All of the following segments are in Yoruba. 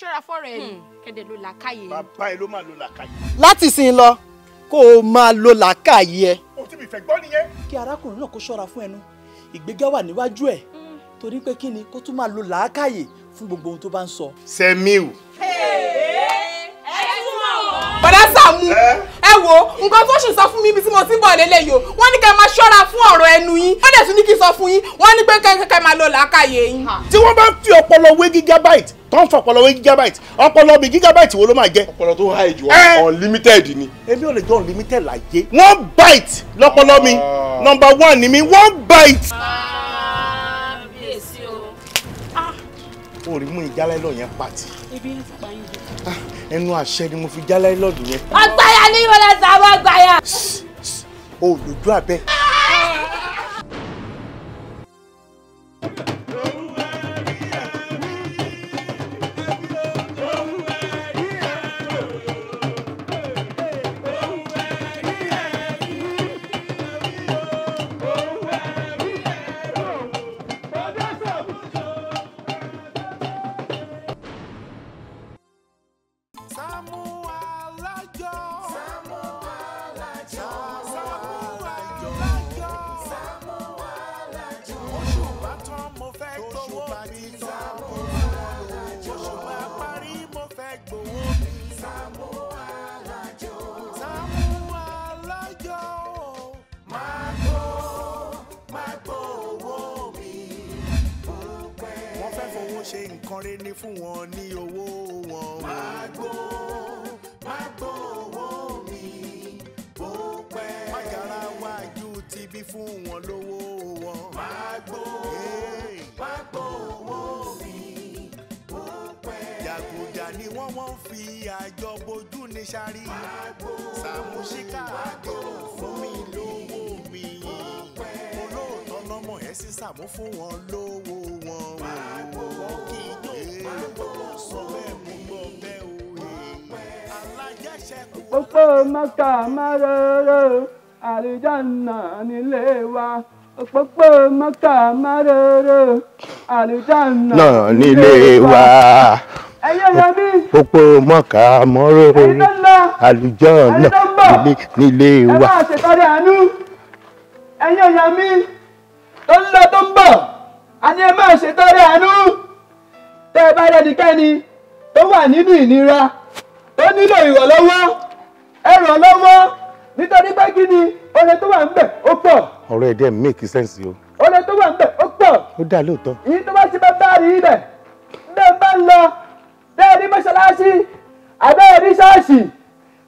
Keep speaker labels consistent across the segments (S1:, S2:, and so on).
S1: ṣọ́ra fọ́rọ̀ ẹ̀ hmm, kẹ́dẹ̀ ló làákàyè. bàbá ẹ ló máa lo làákàyè. láti
S2: sin lọ kó o máa lo làákàyè ẹ.
S1: o ti mi fẹ́ gbọ́ nìyẹn. kí arákùnrin
S2: náà kó ṣọ́ra fún ẹnu ìgbéga wà níwájú ẹ̀ hmm. torí pé kí ni kó tún máa lo làákàyè fún gbogbo ohun tó bá ń sọ. sẹ́miu. ẹ ẹ túmọ̀ wọ́n. bọ́dá Sàámú ẹ wo nǹkan tó sì sọ fún mi ibi tí mo ti bọ̀ lélẹ̀ yìí o wọ́n ní kẹ́ máa ṣọ́ra fún ọ̀rọ̀ ẹnu yín wọ́n dẹ̀ tún ní kí n sọ fún yín wọ́n ní pé kẹ́kẹ́ máa lọ làákàyè yín.
S1: tí wọ́n bá fi ọpọlọ wé gigabyte tó ń fọpọlọ wé gigabyte ọpọlọ mi gigabyte wo ló máa jẹ. ọpọlọ tó high jù eh. unlimited ni. èmi ò lè jọ unlimited láyé. one byte lọpọlọ mi ah. number one ni mi one byte.
S3: kábíyèsí o.
S1: Ah. orí mú ìjálẹ̀ lọ yẹn pàtì.
S3: ibi ń pa yín
S1: jù. Ah ẹnu àṣẹ ni mo fi já láìlọ́ọ̀dù yẹn.
S3: ọgbàyà ni mo lọ ọgbàyà.
S1: o lójú àbẹ. kọrin ní fún wọn ní owó wọn. Magbo, magbo owó mi, bó pẹ́. Májàra wájú ti bí fún wọn lówó wọn. Magbo, magbo owó mi, bó pẹ́. Jàgùjà ni wọ́n wọ́n fi àjọ bojú ní sáré. Magbo, Sàmúsíkà àjọ fún mi lówó mi. Bó pẹ́. Olóòótọ́ lọ́mọ ẹ̀ sísàmú fún wọn lówó wọn. Magbo. òpó mẹ́kà máróró àlùjáná nílé wa òpópó mẹ́kà máróró àlùjáná nílé wa òpó mẹ́kà máróró àlùjáná nílé wa. ẹ bá ṣètọ́rẹ́ àánú ẹ̀yin ọ̀yà mi tó ń lọ tó ń bọ̀ àní ẹ máa ṣètọ́rẹ́ àánú
S2: tẹ́ ẹ bá rẹ́nikẹ́ni tó wà nínú ìnira tó nílò ìrànlọ́wọ́
S1: ẹ ràn lọ́wọ́ nítorí pé kí ni oore tó wà ń bẹ̀ ó pọ̀. ọ̀rọ̀ ẹ̀ dẹ́ make sense o. oore tó wà ń bẹ̀ ó pọ̀. ó dà lóòótọ́. èyí tó bá ti bá bá rí ibẹ̀ bẹ́ẹ̀ bá ń lọ bẹ́ẹ̀ ní mọ́ṣáláṣí àbẹ́ẹ̀ ní ṣọ́ọ̀ṣì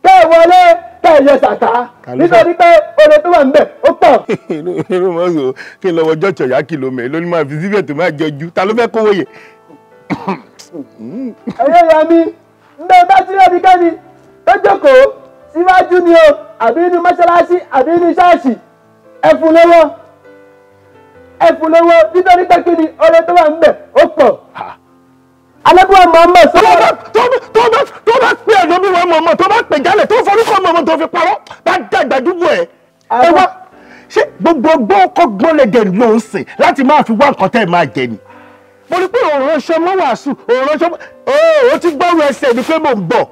S1: bẹ́ẹ̀ wọlé bẹ́ẹ̀ yẹ sàtà nítorí pé oore tó wà ń bẹ̀ ó pọ̀. inú mọ̀ sọ kí n lọ́wọ́ jọ́ọ̀ṣọ̀ yá kìló mẹ́ ló ní máa fi síbẹ̀ tó máa jọjú ta ló fẹ́ kówó yẹ. ẹ̀yẹ́ yà mí bẹ́ẹ̀ bá ti rẹ́
S2: síwájú ni o àbí inú mọ́ṣáláṣí àbí inú ṣáàṣì ẹ fún lówó
S1: ẹ nítorí pé ni oore tó wà ń bẹ̀ ó pọ̀ alẹ́bùwà mọ̀ọ́mọ̀ sọ́wọ́. tó bá tó bá pè é lómi wọn mọ̀ọ́mọ̀ tó bá pè jálẹ̀ tó forúkọ mọ̀ọ́mọ̀ tó fi parọ́ bá dàgbà dúgbò ẹ̀. ẹ wá ṣé gbogbogbò kọ́gbọ́n lè dẹ̀ ló ń sìn láti máa fi wá nǹkan tẹ́ ẹ máa jẹ ni. mo rí pé òòrùn ṣe mọ́ wàásù òòrùn ṣe mọ́ ó ti gbọ́rù ẹsẹ̀ mi pé mò ń bọ̀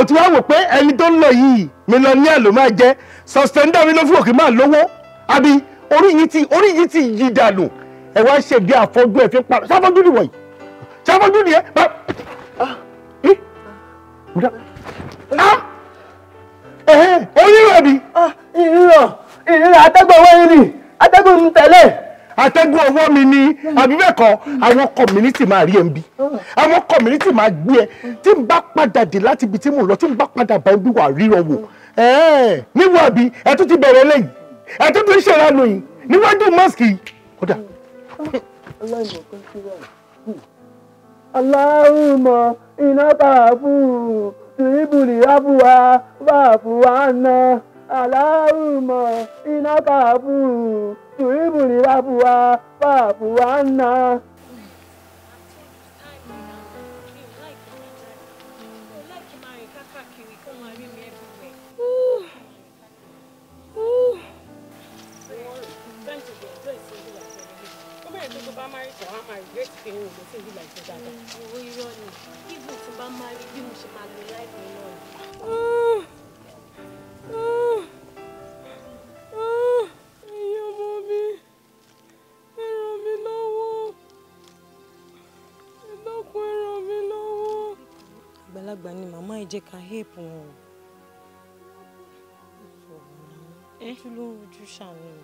S1: o ti wá wò pé ẹni tó ń lọ yìí mílíọ̀nìyà ló máa jẹ́ sọ̀stẹ̀ndà mi ló fún òkè máa lówó àbí orí yìí ti orí yìí ti yí dànù ẹ wá ṣe bí àfọ́jú ẹ fi pa ṣáfọ́jú ni wọ̀nyí ṣáfọ́jú ni ẹ bá. onírọ̀ mi. ìrírọ̀ ìrírọ̀ atẹ́gbọ̀n wẹ́yìn ni ah, atẹ́gbọ̀n mi tẹ̀lé atẹ́gùn ọwọ́ mi ni àbí bẹ́ẹ̀ kọ́ àwọn community máa rí ẹ ń bí àwọn community máa gbé ẹ tí n bá padà dé láti ibi tí mò ń lọ tí n bá padà bá ibi wà ríran wò níwọ̀ àbí ẹ tún ti bẹ̀rẹ̀ lẹ́yìn ẹ tún ti ṣẹ̀ra nù yìí níwájú mọ́sìkì kódà. aláwùmọ̀ iná bàbú tìrìbùlì àbúwá bàbú àná aláwùmọ̀ iná bàbú. 对不你打不啊，爸不完呐。
S3: ẹ jẹ́ ká help wọn o. kí eh? ló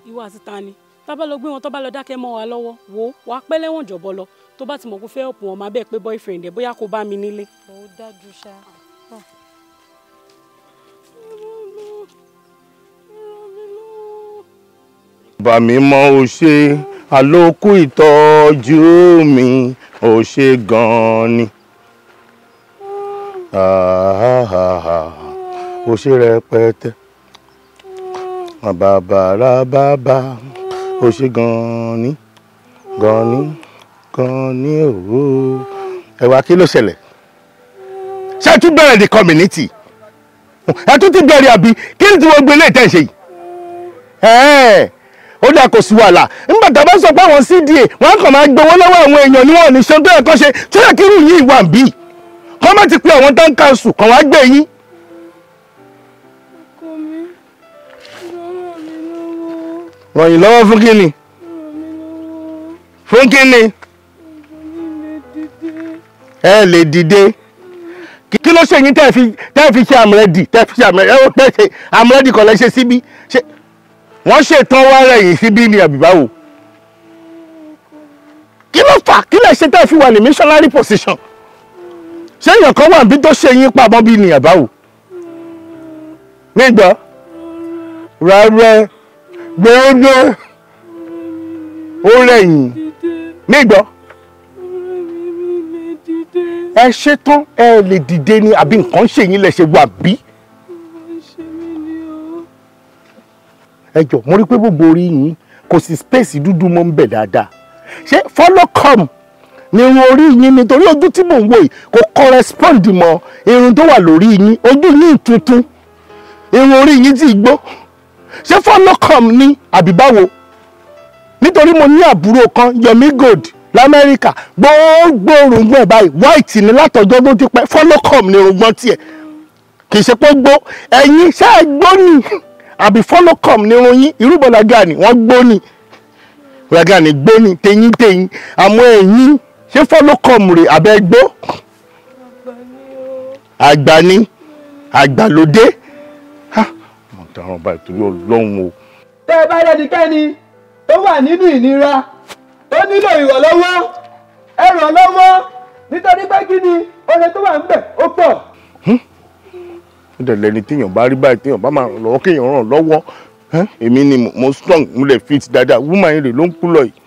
S3: ìwà àti ta ni tá bá lọ gbé wọn tó bá lọ dákẹ́ mọ́ wa lọ́wọ́ wo wàá pẹ́ lẹ́wọ̀n jọ̀bọ lọ tó bá ti mọ̀ kó fẹ́ help wọn máa bẹ́ẹ̀ pé boyfriend ẹ̀ bóyá kó bá mi nílé. ó dájú ṣá. Ah.
S1: bá mi mọ ò àlòkù ìtọ́jú mi ò gan-an ni. Ah ó ṣe rẹpẹtẹ bàbàrà bàbà ó ṣe gan-an ni gan-an ni gan-an ni òwò ẹ wá kí ló ṣẹlẹ̀ ṣé ẹ tún bẹ̀rẹ̀ the community ẹ tún ti bẹ̀rẹ̀ àbí kí ni tí wọ́n gbé ilé ìtẹ̀ ṣe yìí ó dà kò sí wàhálà nígbà tá a bá sọ pé àwọn cda wọn kàn máa gbowó lọ́wọ́ àwọn èèyàn ni wọn ò ní ṣe tó yẹ kán ṣe tó yẹ kí irú yìí wà bíi kọ́ má ti pé àwọn tán kanṣu kàn wá gbé yín. ọkọ mi lọ́rọ̀ mi lọ́wọ́. ràn yín lọ́wọ́ fún kí ni. fún kí ni. ẹ lè dìde. kí ló ṣe yín tẹ́ fi tẹ́ fi ṣe àmúrẹ́dì tẹ́ fi ṣe àmúrẹ́dì kọ̀ lẹ́ṣẹ̀ síbí wọ́n ṣètọ́ wá rẹ̀ yìí síbí ni àbí báwo kí ló fà kí lè ṣe tẹ́ fi wà ní missionary position ṣé èèyàn kan wà níbi tó ṣe yín pamọ́ bí nìyẹn báwo nígbà rárá gbẹ́ọ́dọ́ ó rẹ̀yìn nígbà ẹ ṣetán ẹ lè dìde ni àbí nǹkan ṣe yín lẹ ṣe wà bí. ẹ jọ mo rí pé gbogbo orí yín kò sí space dúdú mọ́ ń bẹ̀ dáadáa ṣé follow come irun orí yín nítorí ojú tí mò ń wò yìí kò correspond mọ́ irun tó wà lórí yín ojú yín tuntun irun orí yín ti gbó ṣé fọlọkàn ni àbí báwo nítorí mo ní àbúrò kan Yomi Gold lamẹ́ríkà gbogbo òrùngbọ̀n ẹ̀ báyìí white ni látọjọ́ tó ti pẹ́ fọlọkàn ni òrùngbọ̀n tiẹ̀ kì í ṣe pé gbó ẹ̀yin ṣe gbó ni àbí fọlọkàn ni irun yín irúbọ̀lágà ni wọ́n gbó ni lágà ni gbó ni tẹ̀yìn tẹ̀yìn àmọ́ ẹ̀yìn ṣé fọlọkọọmù rè abẹ gbó àgbà ni àgbà ló dé mo dáràn báyìí torí Ọlọ́run o.
S2: tẹ́ ẹ bá rẹ́nikẹ́ni
S1: tó wà nínú ìnira tó nílò ìrànlọ́wọ́ ẹ ràn lọ́wọ́ nítorí pé kí ni oore tó wà ń bẹ̀ ó pọ̀. ó dẹ̀ lẹni téèyàn bá rí báyìí téèyàn bá máa ràn lọ́wọ́ kéèyàn ràn lọ́wọ́ èmi ni mo strong mo lè fit dáadáa woman rè ló ń kú lọ yìí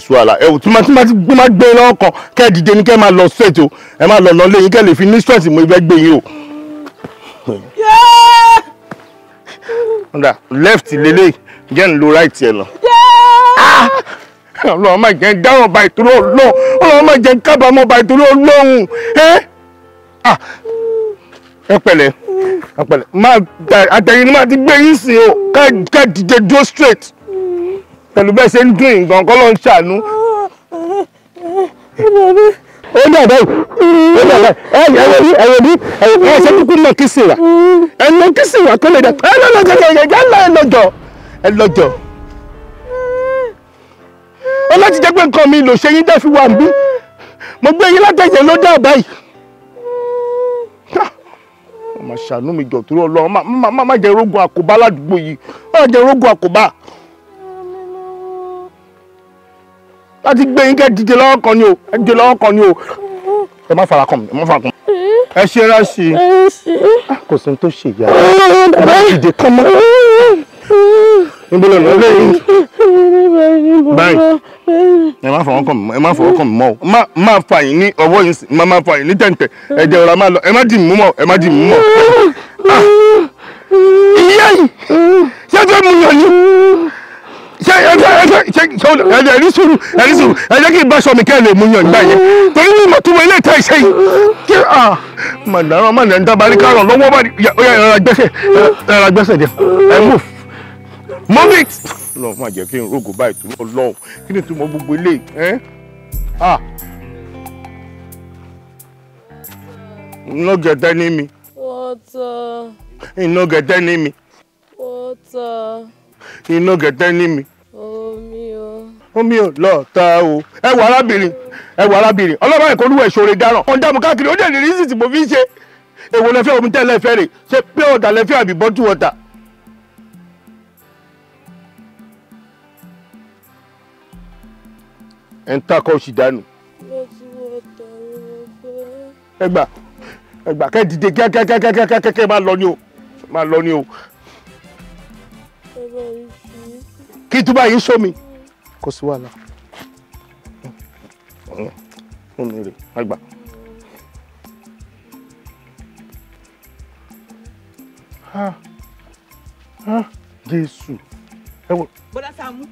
S1: suwala ẹ tí máa tí máa gbé máa gbé lọ́wọ́ kan kẹ́ ẹ dìde ní kẹ́ ẹ máa lọ straight o ẹ máa lọ lọ lẹ́yìn kẹ́ ẹ lè fi ní stress mo fẹ́ gbé yín o. ọ̀dà left lélẹ̀ jẹ́ ń lo right ẹ̀ lọ. Ah! ọlọ́run máa jẹ́ dáhùn ọba ìtúró ọlọ́run ọlọ́run máa jẹ́ kábàámọ̀ ọba ìtúró ọlọ́run ah! ẹ pẹ̀lẹ́ ẹ pẹ̀lẹ́ máa àtẹ̀yìn ni máa ti gbé yín sí o ká dìde dúró straight. pẹ̀lú bẹ́ẹ̀ ṣe ń dùn nǹkan kọ́ ló ń ṣàánú. ó dàbẹ̀ ó dàbẹ̀ ẹ̀wọ̀ ní ẹ̀wọ̀ ní ẹ̀wọ̀ ẹ̀ ṣe kúkú náà kí sì wà ẹ̀ kí sì wà kó lè dà lọ́jọ́ ó láti jẹ́ pé nǹkan mi lò ṣe yín wà mo gbé yín látẹ̀jẹ̀ ló yìí. ọmọ ṣàánú mi jẹ́ àkóbá ládùúgbò yìí jẹ́ àkóbá. láti gbé yín kẹ́ dìde lọ́wọ́ kan ni o ẹ dìde lọ́wọ́ kan ni o ẹ má fara kàn mí ẹ má fara kàn mí ẹ ṣe ráṣì kò sí tó ṣe ìyá ẹ má dìde kàn mọ́
S4: níbo lọ lọ lẹ́yìn báyìí
S1: ẹ má fọwọ́ kàn mí ẹ má fọwọ́ kàn mí mọ́ o má fà yín ní ọwọ́ yín sí má má fà yín ní tẹ̀ǹtẹ̀ ẹ jẹ́ ọ̀rọ̀ má lọ ẹ má dì mú mọ́ ẹ má dì mú mọ́ ah! ìyá yìí ṣé fẹ́ mu yàn ni ṣe ẹgbẹ ẹgbẹ ṣe ṣe ẹrí sùúrù ẹrí sùúrù ẹ jẹ́ kí n bá aṣọ mi kẹ́ ẹ lè mú yan ìgbà yẹn torí mi mọ̀ tún mọ ilé ìta ìṣe yìí kí à màdàrán màdà ń dábàá ní kárọ̀ lọ́wọ́ bá ó yà ẹ̀rọ agbẹ́sẹ̀ ẹ̀rọ agbẹ́sẹ̀ dẹ̀ ẹ̀ mú mọ́mí. lọ́ọ̀ máa jẹ́ kí n rògùn báyìí tó lọ́ọ̀ lọ́ọ̀ kí ni túmọ̀ gbogbo ilé ẹ̀ ah nọ́gẹ̀dẹ́ ní mi.
S3: wọ́tọ̀.
S1: ìnọ́gẹ̀dẹ́ ní mi.
S3: wọ́tọ̀.
S1: ìnọ́gẹ̀dẹ́ ní mi omi o. omi o lọ ta o ẹ wọ arábìnrin ẹ wọ arábìnrin ọlọ́run ẹ̀kọ́ olúwa ìṣòro dáràn ọ̀n dààmú káàkiri ó dẹ̀ ní rísì tí mo fi ń ṣe èwo lẹ́fẹ́ omi tẹ́lẹ̀ fẹ́ rè ṣe pé ọ̀dà lẹ́fẹ́ àbí bọ́tù water. ẹ̀ ń takọ̀ oṣù dànù. ẹ gbà ẹ gbà kẹ́ dìde kíákíákíákíákíá máa lọ ni o máa lọ ni o. ẹ bá mi kí túbà yìí sómi kò sí wàhálà mm. fún mi rè má gbà. jésù ẹ wò.
S2: bọ́dá Sàámú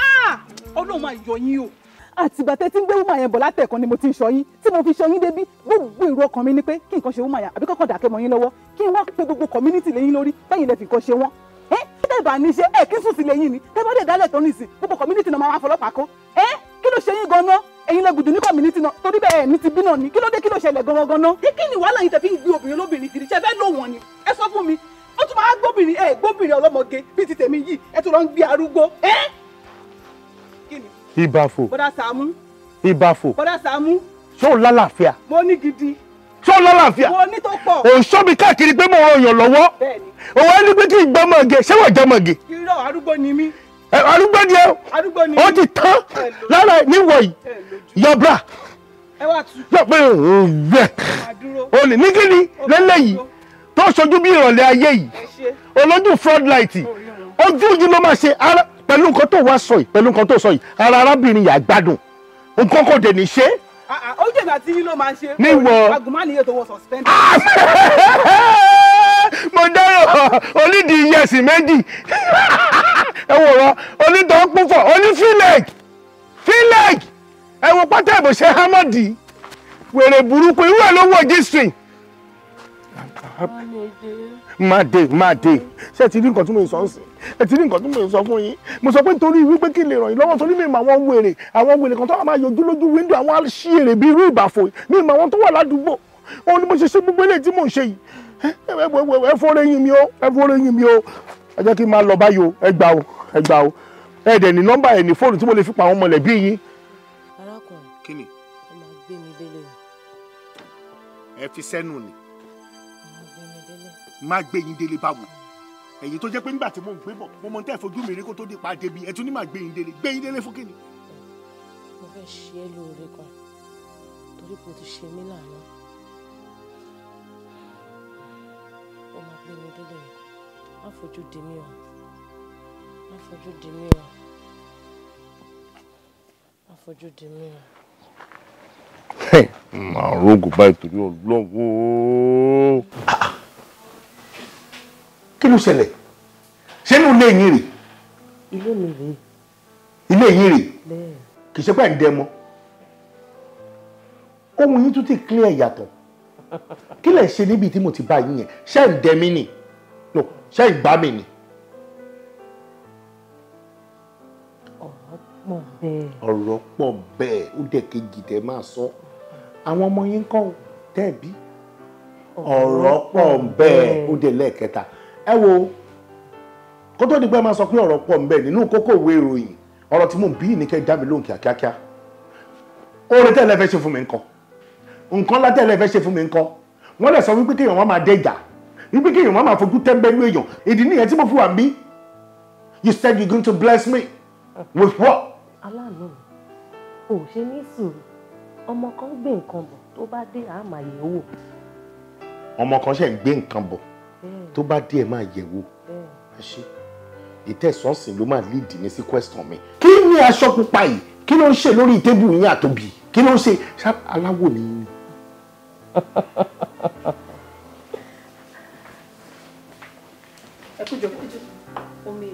S2: ah! ọlọ́run máa yọ yín o. àti ìgbà tẹ́tí ń gbé wúmà yẹn bọ̀ látẹ̀kan ni mo ti ń sọ yín tí mo fi sọ yín débí gbogbo èrò ọkàn mi ni pé kí nǹkan ṣe wúmà yẹn àbí kọ́kọ́ dàkẹ́ mọ́ yín lọ́wọ́ kí n wá pe gbogbo community lẹ́yìn lórí báyìí lẹ́ fi nǹkan ṣe wọ́n tẹ́ bá ní ṣe ẹ̀ kí sùn sílẹ̀ yín ni tẹ́ bá dé dálẹ̀ tó nìsín gbogbo community náà máa wá fọlọ́pàá kó ẹ́ kí ló ṣe yín gan-an ẹ̀yin lẹ́gùdù ní community náà torí bẹ́ẹ̀ ní ti bí náà ni kí ló dé kí ló ṣẹlẹ̀ gan-an gan-an. kí kí ni wàhálà yìí tẹ̀ fi ń gbé obìnrin lóbìnrin kiri ṣẹ́ fẹ́ lò wọ́n ni ẹ sọ fún mi ó tún máa gbóbìnrin ẹ gbóbìnrin ọlọ́mọge bíi ti tèmi yìí ẹ tún lọ ń gbé arúgbó ẹ.
S1: ibàfò bọ́dà tí ó lálàáfíà
S2: ò sọ mi káàkiri pé mo ràn yàn lọ́wọ́
S1: òun ẹni pé kí n gbọ́ mọ̀gẹ̀ ṣé wọ́n jẹ́ mọ̀gẹ̀. irọ́ arúgbó ni mí. arúgbó ni ẹ o ti tán lára níwọ̀ yìí yọ̀bra yọ̀pẹ̀ òwúrẹ̀ olè ní kíni lélẹ́yìí tó ṣojú bí ìrọ̀lẹ́ ayé yìí olójú floodlight ojú ojú ló máa ṣe pẹ̀lú nǹkan tó wá sọ yìí pẹ̀lú nǹkan tó sọ yìí ara arábìnrin yà gbádùn nǹkan kò dé ní ṣe é.
S2: Ah, ah, ó jẹ̀mí àti yín ló máa ń ṣe. níwọ̀ agùnmánìyẹ tó wọ suspend. Ah!
S1: mo dárò onídìí yẹsì méjì ẹ wò rọ onítọ̀ púpọ̀ oní fílẹ̀gì fílẹ̀gì ẹ wo pátá ìbòsẹ̀ hámọ́dì wèrè burúkú irú ẹ̀ ló wọ̀ jísìn. má dé má dé ṣé ẹ ti rí nǹkan tí mo sọ ń sìn ẹ ti ní nǹkan tó mò ń sọ fún yín mo sọ pé nítorí wípé kí lè ràn yín lọ́wọ́ torí mi mọ àwọn wèrè àwọn wèrè kan tó máa yọjú lójú wíńdò àwọn aṣèrè bíi irú ìbàfò mi mọ àwọn tó wà ládùúgbò òun ni mo ṣe ṣe gbogbo eléyìí tí mò ń ṣe yìí ẹ fọ́ọ́rẹ́ yín mi o ẹ jẹ́ kí n máa lọ báyìí o ẹ gbà o ẹ gbà o ẹ dẹ̀ ní nọ́mbà ẹ̀ ní fóònù tí mo lè fi pa àwọn mọ̀lẹ́bí yín. arákùnrin kí ni. ó máa gbé mi délé ẹ fi sẹ́nu ni. má gbé yín délé báwo ẹ̀yin tó jẹ́ pé nígbà tí mo ń gbé bọ̀ mo mọ tẹ́ fojú mi rí kó tó di pa débi ẹ̀ ní màá gbẹ̀yìn délé gbẹ̀yìn délé fún kíni.
S3: mo fẹ́ ṣe é lóore kan torí kò ti ṣe mí láàánú ó máa gbé mi délé má fojú di mí o má fojú di mí o má fojú di mí o.
S1: màá rògùn báyìí torí ọlọ́wọ́ kí ló ṣẹlẹ̀ ṣé inú ilé yín rè. ilé mi rè. ilé yín rè. kì í ṣe pé ẹ̀ ń dẹ mọ́ ohun yín tún ti clear yàtọ̀ kí lẹ̀ ń ṣe níbi tí mo ti bá yín yẹn ṣé ń dẹ mí nì no ṣé ń gbá mi nì. ọ̀rọ̀ pọ̀ bẹ́ẹ̀. ọ̀rọ̀ pọ̀ bẹ́ẹ̀ ó dẹ̀ kejì tẹ́ máa sọ àwọn ọmọ yín kọ́ tẹ́ẹ̀bí
S4: ọ̀rọ̀ pọ̀ bẹ́ẹ̀ ó
S1: dẹ̀ lẹ́ẹ̀kẹta ẹ wo kó tó di pé ẹ máa sọ pé ọ̀rọ̀ pọ̀ ńbẹ nínú kókó ìwé ìròyìn ọ̀rọ̀ tí mò ń bí ìníkẹ́ dá mi lóhùn kíákíákíá orin tẹ́lẹ̀ fẹ́ ṣe fún mi ńkọ́ nǹkan ńlá tẹ́lẹ̀ fẹ́ ṣe fún mi ńkọ́ wọ́n lè sọ wípé kéèyàn wọn máa dé ìjà wípé kéèyàn wọn máa fojú tẹ́ńbẹ́lú èèyàn ìdí nìyẹn tí mo fi wà bí you said you going to bless me with what.
S3: aláàánú ò ṣe ní sùúrù ọmọ kan gbé nǹkan bọ̀ tó bá dé àmàyẹ̀wò.
S1: ọmọ kan ṣe ń gbé nǹkan bọ̀ tó bá díẹ̀ máa yẹ̀wò ẹ ṣe ìtẹ̀sọ́sìn ló máa lead mi sí question mi kí ni aṣọ pupa yìí kí ló ń ṣe lórí tébù yín àtòbí kí ló ń ṣe aláwọ̀ ni yín.
S4: ẹ kú jọ kú jọ omi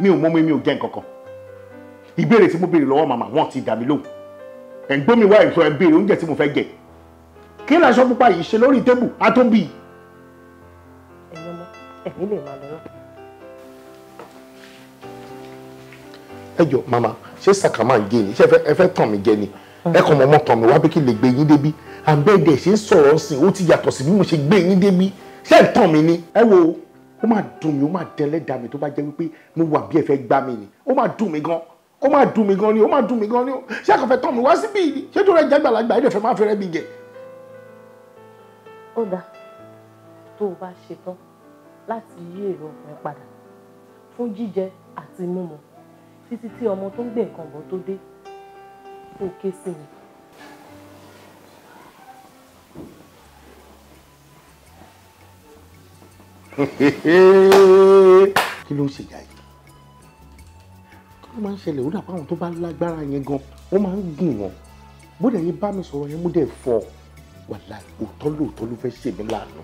S1: mi mi ò mọ mi mi ò jẹ nǹkan kan ìbéèrè tí mo béèrè lọ́wọ́ màmá wọn ti dà mí lóhùn ẹ̀ ń gbọ́ mi wá ìṣọ́ ẹ̀ béèrè oúnjẹ tí mo fẹ́ jẹ kí ni aṣọ pupa yìí ṣe lórí tébù àtòbí
S3: ẹ̀mí lè máa lọ́nà.
S1: ẹ jọ màmá ṣé sàkà máa ń gé ni ṣé ẹ fẹ́ tàn mí jẹ ni ẹ kàn mọ́mọ́ tàn mí wá bí kí lè gbé yín débi àbẹ́ẹ̀dẹ̀ ṣe ń sọ̀rọ̀ sí i ó ti yàtọ̀ sí bí mo ṣe gbé yín débi ṣé ẹ tàn mí ni ẹ wo ó máa dùn mí ó máa dẹ́lẹ́ dà mí tó bá jẹ́ wípé mo wà bí ẹ fẹ́ gbá mi ni ó máa dùn mí gan ó máa dùn mí gan ni ó máa dùn mí gan ni ṣé àkànfẹ́ tàn mí wá síbí ni ṣé tó rẹ jágbàlagbà ẹ̀ dẹ̀ fẹ́ máa fẹ́rẹ́ mi jẹ. ó dáa
S3: tó o bá ṣe tán láti yí èrò ọkùnrin padà fún jíjẹ àti mímu títí tí ọmọ tó ń gbé nǹkan bọ̀ tó dé ó ké sí mi.
S1: kí ló ń ṣe ìyá yìí kí ló máa ń ṣẹlẹ̀ ó dàbí àwọn tó bá lágbára yẹn gan wọ́n máa ń gùn wọn bó dẹ̀ yín bá mi sọ̀rọ̀ yẹn mú dẹ̀ fọ́ wàláì òótọ́ lóòótọ́ ló fẹ́ ṣèmí láàánú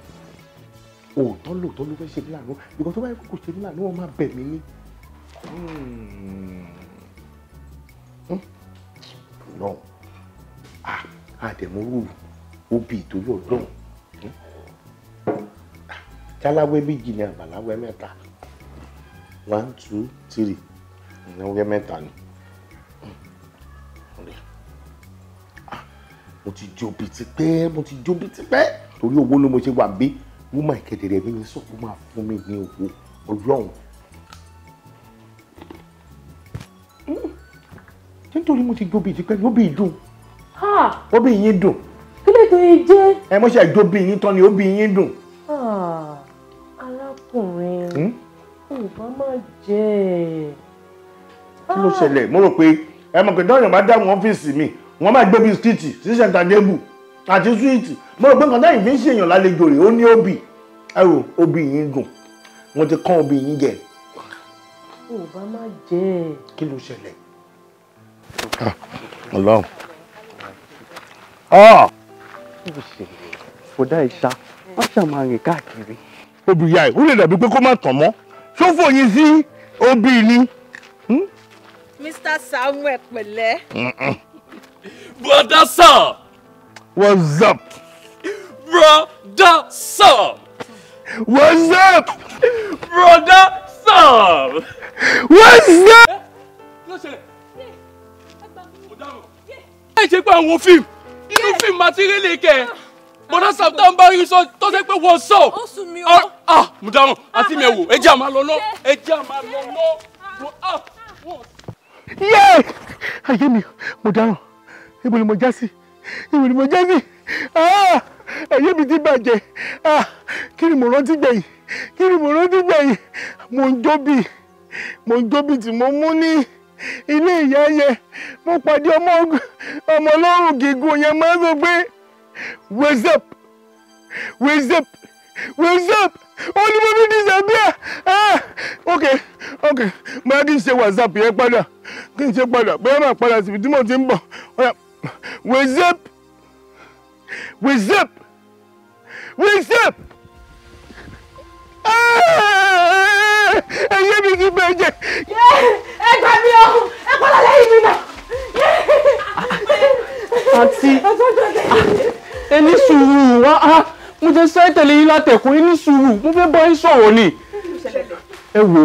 S1: òótọ́ lòótọ́ ló fẹ́ ṣe mí lànà ìgbà tó bá yẹ kó ṣe mí lànà wọn máa bẹ̀ mí ní. lọ́hùn àdẹ̀mọ́rù obì ìtòlú ọlọ́hùn jáláwé méjì ni àbàláwé mẹ́ta one two three ìnáwó mẹ́ta ni hmm. ah, mo ti jó bìtì pẹ́ mo ti jó bìtì pẹ́ torí owó ló mo ṣe wà bíi woman kedere mi ni sọ́kò máa fún mi ní owó ọlọ́run hmm. nítorí mo ti gbóbi ìdípẹ́ lóbi ìdùn obì yín dùn. kí ló tó yẹ jẹ́. ẹ mọ̀ ṣe àjọbí yín tán ni obì yín dùn.
S3: arákùnrin nǹkan hmm? máa
S1: jẹ ẹ. kí ló ṣẹlẹ̀ mo rò pé ẹ mọ̀ pé dáhùn yóò bá dáhùn ọ́fíìsì mi wọ́n máa gbé bisikíìtì sí ṣẹ̀ǹtà débù àti sweet mo rò pé nǹkan táyìn fi ń ṣèyàn lálejò rẹ̀ ó ní obì ẹ rò obì yín gùn mo ti kán obì yín jẹ. ò bá má jẹ ẹ. kí ló ṣẹlẹ̀. Ah, Ọlọ́run ah! ọ. fòdà ìṣá wọn ṣàn máa rìn káàkiri. obì ya ẹ̀ ó lè dàbí pé kó má tàn mọ́ ṣófò yín sí obì ni. Mr.
S2: Hmm? Samuel pẹ̀lẹ́.
S1: brother sir. What's up? Brother Sam! What's up? Brother Sam! What's up? ẹ ṣe pé àwọn fíìmù inú fíìmù màtírílì kẹ ah. bọ́dá Sam tó ń bá yín sọ tó ṣe pé wọ́n sọ. ó sùn mí o. ah, ah mo dáhùn àti mi ẹ wò ẹ jẹ́ àmà lọ ná ẹ jẹ́ àmà lọ ná. Ah, yé ayé mi mo dáhùn ibo ni mo já sí ìwé ni mo jẹ́ sí ah, ẹ̀yẹ́ mi ti bàjẹ́ ah, kí ni mo rántí gbẹ̀yìn kí ni mo rántí gbẹ̀yìn mo ń jó bì mo ń jó bì tí mo mú ní ilé ìyá yẹ mo pàdé ọmọ ọmọ ọlọ́run gígùn yẹn máa ń sọ pé what's up what's ó ní mo fi disappear ah ok ok mo yẹ kí n ṣe whatsapp yẹn padà kí n ṣe padà bóyá máa padà síbi tí mo ti ń bọ̀ ọ̀yà. We zip! We zip! We zip! Ah!
S3: Ẹyẹ mi ti bẹ jẹ. Ẹ gbà mí o, ẹ padà lẹ́yìn mi náà.
S2: Àti ẹni
S3: sùúrù
S1: wá, mo ti sẹ́ tẹ̀lé yín látẹ̀kùn, ẹni sùúrù, mo fẹ́ bá yín sọ̀rọ̀ ni. Ẹ wo,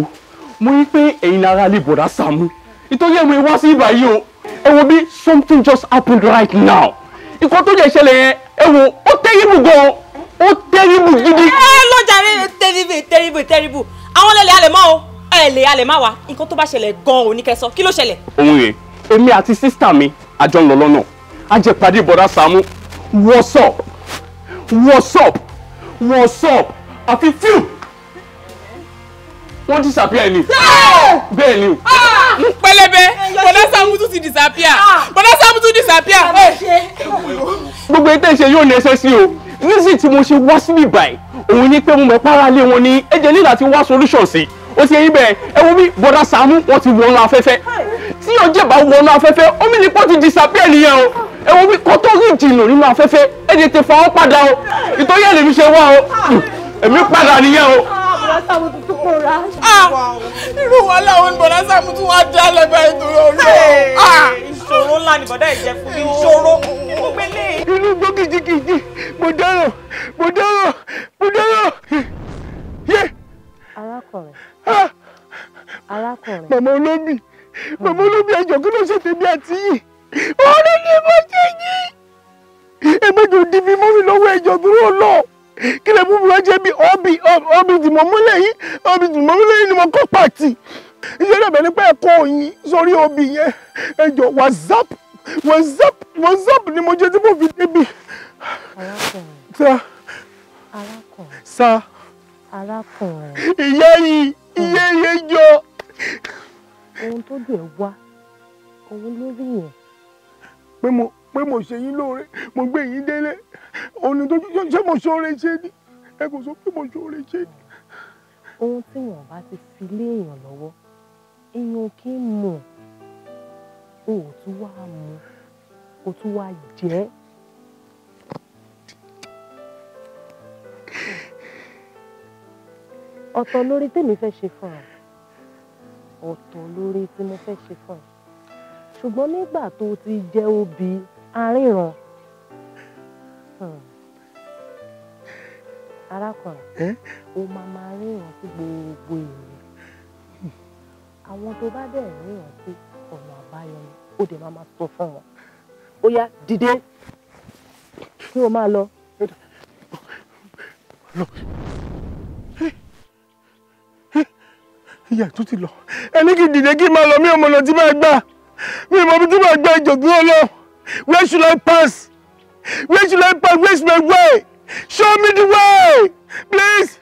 S1: mo yí pé ẹ̀yin lára lè bọ̀dá Sàámú, nítorí ẹ̀ mo wá sí ibà yìí o ẹ wo bí something just happened right now nǹkan tó jẹ́ ìṣẹ̀lẹ̀ yẹn ẹ wo ó tẹ́yìnbù
S2: gan ó tẹ́yìnbù gidi. ẹ lọ́jà rẹ tẹ́rìbù terrible! tẹ́rìbù àwọn lẹ́lẹ̀ alẹ̀ mọ́ o ẹ lè alẹ̀ má wa nǹkan tó bá ṣẹlẹ̀ gan ò ní kẹ́ sọ kí ló ṣẹlẹ̀.
S4: òun rè
S1: èmi àti sísítà mi àjọ ń lọ́nà a ìbọ̀dá Sàámú what's up what's up what's up àfi fíù wọ́n ti disappear ni bẹ́ẹ̀ ni o.
S2: Ah! pẹlẹbẹ bọdá Sàámú tún ti disappear ah. bọdá Sàámú tún disappear.
S1: gbogbo ètò ìṣe yóò lẹsẹ sí o
S2: nísìsiyìí tí mo ṣe wá síbí báyìí òun ni pé mo mẹ para lé wọn ni ẹ jẹ́ nílà tí wá solution sí o ti yẹn bẹ́ẹ̀ ẹ wo bí bọdá Sàámú wọn ti wọnú afẹ́fẹ́ tí ọjọ́ bá wọnú afẹ́fẹ́
S1: omi ni pọ́ ti disappear nìyẹn o ẹ wo bí kọ́tọ́ rí ìjìnà nínú afẹ́fẹ́ ẹ jẹ́ tẹ fọwọ́ padà o ìtọ́jú ẹ̀ lèmi ṣe wá o ah. èmi padà nìyẹn o.
S3: Ah, bọ̀rá.
S2: Ah, irú wàhálà òun bọ̀dá Sàámú tún wá dá lẹ́gbẹ̀ẹ́ nítorí olóò. ìṣòro ńlá ni bọ̀dá ìjẹ́ fún mi
S1: ìṣòro gbogbo eléyìí. inú gbó kìjikìji mo dáràn mo dáràn mo dáràn. arákùnrin ah. arákùnrin. màmá olóbì màmá olóbì ẹjọ kí ló ṣe tèmi àti yìí òun ló ní bó ṣe yí. ẹ má jò di mi mọ́ mi lọ́wọ́ ẹjọ dúró lọ kí lè búburú ọjọ́ bí ọ́bì ọ́bì dìmọ̀múlẹ̀ yìí ọ́bì dìmọ̀múlẹ̀ yìí ni mo kọ́ pàtì ìṣẹ́lẹ̀ ẹ̀bẹ̀ nípa ẹ̀kọ́ yìí sórí obì yẹn ẹjọ́ whatsapp whatsapp whatsapp ni mo jẹ́ tí mo fi débi. arákùnrin sa
S3: arákùnrin
S1: ìyá yìí iye iye jọ. ohun tó dùn ẹ́ wá òun lórí yẹn. pé mo pé mo ṣe yín lóore mo gbé yín délé òun tó ṣé mo ṣoore ṣe ni ẹ kò sọ pé mo ṣoore ṣe ni. ohun tí wọn bá ti fi lé èèyàn lọ́wọ́ èèyàn kì í mọ̀ o ò
S3: tún wá mu o tún wá jẹ́. ọ̀tọ̀ lórí tèmi fẹ́ ṣe fún ọ ọ̀tọ̀ lórí tí mo fẹ́ ṣe fún ọ ṣùgbọ́n nígbà tó ti jẹ́ obì arìnràn Hmm. arákùnrin o máa máa rí ìrántí gbogbo èèyàn àwọn tó bá dẹ̀ rí ìrántí ọ̀nà àbáyọ ni ó dẹ̀ máa máa sọ fún wọn ó yá dìde kí o máa lọ.
S1: ìyá tó ti lọ ẹni kì í dìde kí n máa lọ mí ò mọ̀ ọ̀nà tí máa gbà mí ò bí tí máa gbà ìjọ̀gbọ́n lọ where should I pass. Where should I park? Where's my way? Show me the way, please.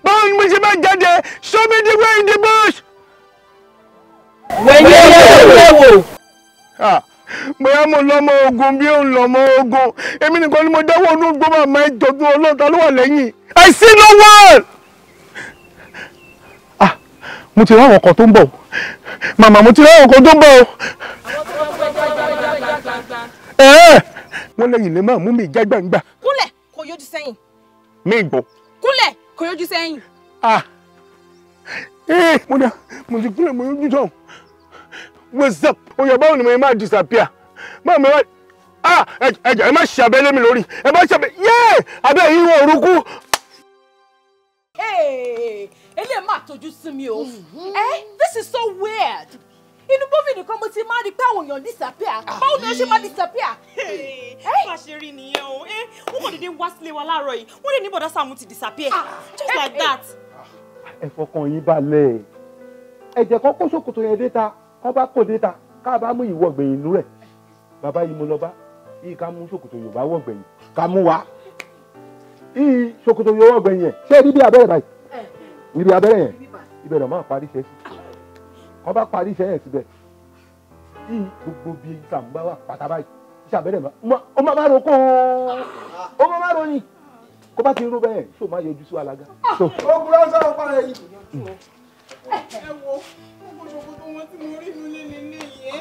S1: Báwo ni mo ṣe máa jáde? Show me the way in the bush. Wẹ̀yẹ̀ yẹ̀ wò. Bóyá mo lọ́mọ ogun bí òun lọ́mọ ogun. Èmi nìkan ni mo dáwọ́ inú gbọ́ màmá ìjọ̀dún ọlọ́ta ló wà lẹ́yìn. I see no one. Ah, mo ti rí àwọn kan tó ń bọ̀. Màmá mo ti rí àwọn kan tó ń bọ̀. Àwọn tó ń bọ̀ wọ́n lẹ́yìn lè máa mú mi jẹ́ gbàǹgbà.
S2: kúnlẹ̀ kò yọjú sẹ́yìn. mi gbọ́. kúnlẹ̀ kò yọjú sẹ́yìn.
S1: ah ee mo dà mo ti kúnlẹ̀ mo yọjú sọ̀hún what's up oyè báwo ni mo máa disappear máa mi wá ah ẹ jẹ́ ẹ má ṣe abẹ́lé mi lórí ẹ má ṣe abẹ́ yéé abẹ́ yìí wọ̀ orúkú.
S3: ee eléyìí
S2: máa tọ́jú sí mi o mm-hmm. eh this is so weird inú bófin nìkan mo ti máa rí pé àwọn èèyàn disappear ah. báwo ni wọ́n ṣe máa disappear. bá a ṣe rí nìyẹn o eh, wọ́n kàn dédé wá sílé wa láàárọ̀ yìí wọ́n lè ní bọ̀dá Sàámú ti disappear ah. just like eh, eh. that.
S1: ẹ fọkàn yín balẹ̀ ẹ jẹ́ kó kó ṣòkòtò yẹn déta kó bá kó déta ká bá mú ìwọ̀gbẹ̀yìn inú rẹ̀ bàbá yìí mo lọ bá yìí ká mú ṣòkòtò Yorùbá wọ̀gbẹ̀yìn ká mú wa yìí ṣòkòtò Yorùbá wọ̀gbẹ̀yìn yẹn ṣé ibi abẹ́rẹ́ báyìí ibi abẹ́rẹ́ yẹn ibẹ̀ máa parí ṣẹ́sì wọ́n bá parí iṣẹ́ yẹn síbẹ̀ tí gbogbo bíi ìtàǹgbà wà pátá báyìí iṣẹ́ abẹ́rẹ́ ma ó máa bá ro kó o ó máa bá ro yìí kó bá ti rú bẹ́ẹ̀ tó máa yọjú sí alága. Ah, ó kúrò sọ̀rọ̀ fara yìí. ẹ wo gbogbo wọn tí mo rí inú líle léyìí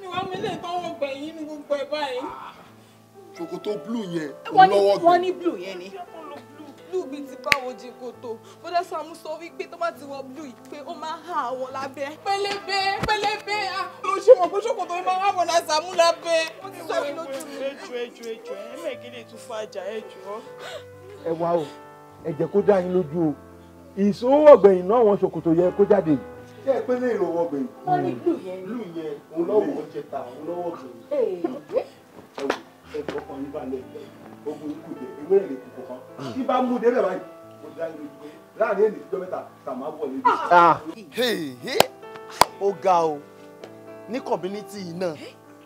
S2: ni wàá mi lè tọwọ́ gbẹ̀yìn ní gbogbo ẹ̀ báyìí.
S1: ṣòkòtò blue yẹn ò lọ́wọ́ gbẹ.
S2: wọ́n ní blue yẹn ni blue bíi ti báwo jí kòtò bọ́dá Sàámú sọ wípé tó bá ti wọ blue yìí pé ó máa hàn àwọn lábẹ́. pẹlẹbẹ pẹlẹbẹ mo ṣe mọ̀ pé ṣòkòtò mi máa hàn bọ́dá Sàámú lábẹ́. ó ti sọ mi lójú mi. ẹjọ ẹjọ ẹjọ ẹ mẹgìlì tún fa àjà
S1: ẹjọ. ẹ wá o ẹ kó dá yín lójú o ìṣòwò náà wọn ṣòkòtò yẹ kó jáde yìí ṣé ẹ pé ní ìrò wọ́n ní lù yẹn. lù yẹn ogun ikú dé ewé èrè kòkò kan tí bá mú dé bẹ́ẹ̀ báyìí mo dá ilé ìdúró ah. ah. ó ga o ní community yìí náà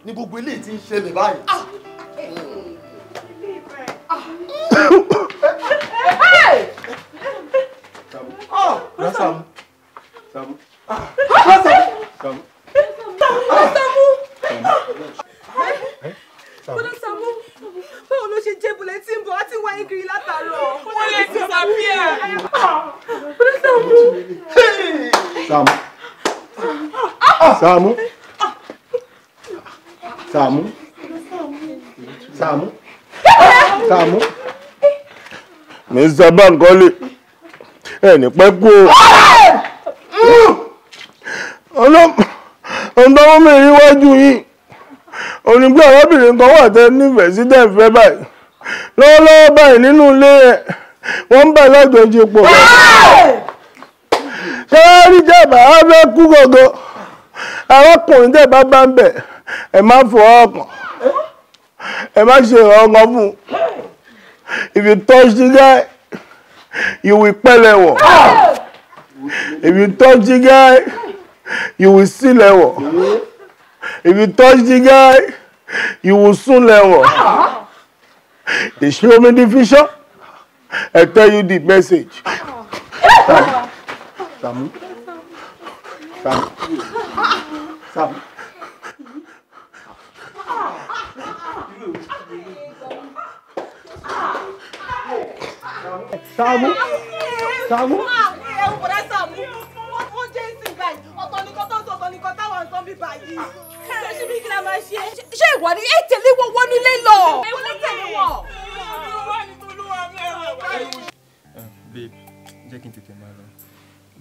S1: ní gbogbo eléyìí tí ń ṣẹlẹ̀ báyìí. Ah. ah,
S3: Samu. Samu.
S2: Samu ọ̀sẹ̀ tí ń bọ̀ ọtí wáyé kiri látàárọ̀. ó lè disappear.
S1: Sàámú. Sàámú. Sàámú. Sàámú. Sàámú. Mr. Bankole, ẹni pẹ́ kú o. Ọlọ́mọ mi rí wájú yìí. Onígbé arábìnrin kan wà tẹ́ nífẹ̀ẹ́ sí tẹ́ báyìí lọ́wọ́lọ́wọ́ báyìí nínú ilé ẹ̀ wọ́n ń bà lágbèjì pọ̀ sọ́wọ́rí jẹ́bà á kú gògó arákùnrin jẹ́bà bá ń bẹ̀ ẹ̀ má fọ ọkàn ẹ̀ má ṣe ọkàn fún if you touch the guy you will pẹ́lẹ̀ wọ̀ if you touch the guy you will see wọ̀ if you touch the guy you will soon lẹ̀ They show me the vision. I tell you the message. Sam. Sam. Sam.
S4: Sam. Samu? Samu?
S2: mi báyìí. Ah. ṣé ṣe bí kí la máa ṣe. ṣé ìwọ ni ẹ tẹ̀lé wọn wọ́n nílé lọ. èwo ló tẹ̀lé wọn.
S4: Um, babe
S1: jẹ́ kí n tètè máa lọ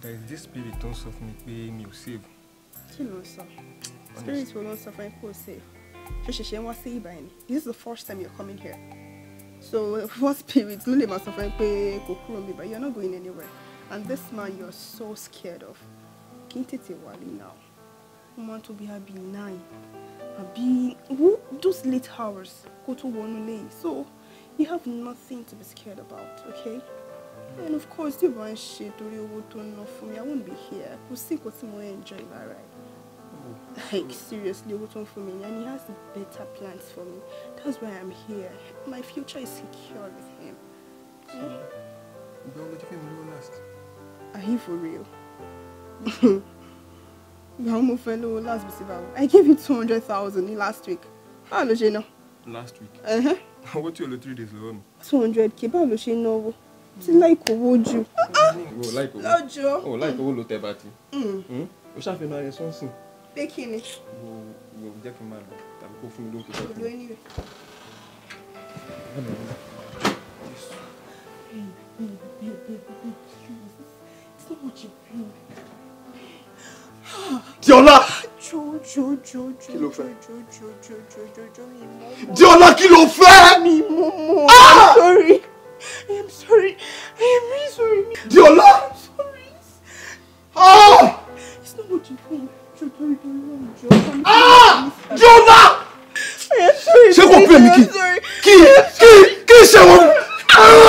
S1: there is this spirit tó ń sọ fún mi pé mi ò save.
S4: kí ló sọ spirit wo ló ń sọ fún ẹ kó o save ṣe ṣẹ̀ṣẹ̀ wá sí ibà yẹn this is the first time you're coming here so what spirit ló lè máa sọ fún ẹ pé kò kúrò níbà you're not going anywhere and this man you're so scared of kí n tètè wálé now. woman tó be happy. nine àbí who those late hours go tó one lẹ́yìn so you have nothing to be scared about okay mm. and of course tí o bá ń ṣe torí tó ń ná i won't be here We'll see what's more enjoy lára mm. like seriously what's wrong for me? and he has better plans for me that's why i'm here my future is secure with him. last. are you for real. Mm. Báwo mo fẹ́ last bisi báwo? I gave you two hundred thousand last week. How ló ṣe ná?
S1: Last week. Uh huh. Owó tí o lo three days lọ́wọ́ mi.
S4: Two hundred k báwo ló ṣe náwó? Tí láìkò owó jù. Lọ́jọ́.
S1: O
S2: láìkò owó ló tẹ bá ti. O ṣàfihàn ayẹ sọ́ọ̀sì.
S4: Pé kí ni? Wo
S2: wo jẹ́ kí n máa lọ tàbí kó fún mi lóko tọ́jú. Ìlú
S4: ẹni rẹ̀. It's not what you feel. Diola. Kí ló fẹ́? Diola kí ló
S1: fẹ́? Mi mú mú. I'm
S4: sorry. I'm sorry. I'm really sorry. Diola. I'm sorry. Ah! It's not what you think. Diola!
S1: Ṣé kò pè mí kí? Kí kí kí ṣe wọ́n? Àwọn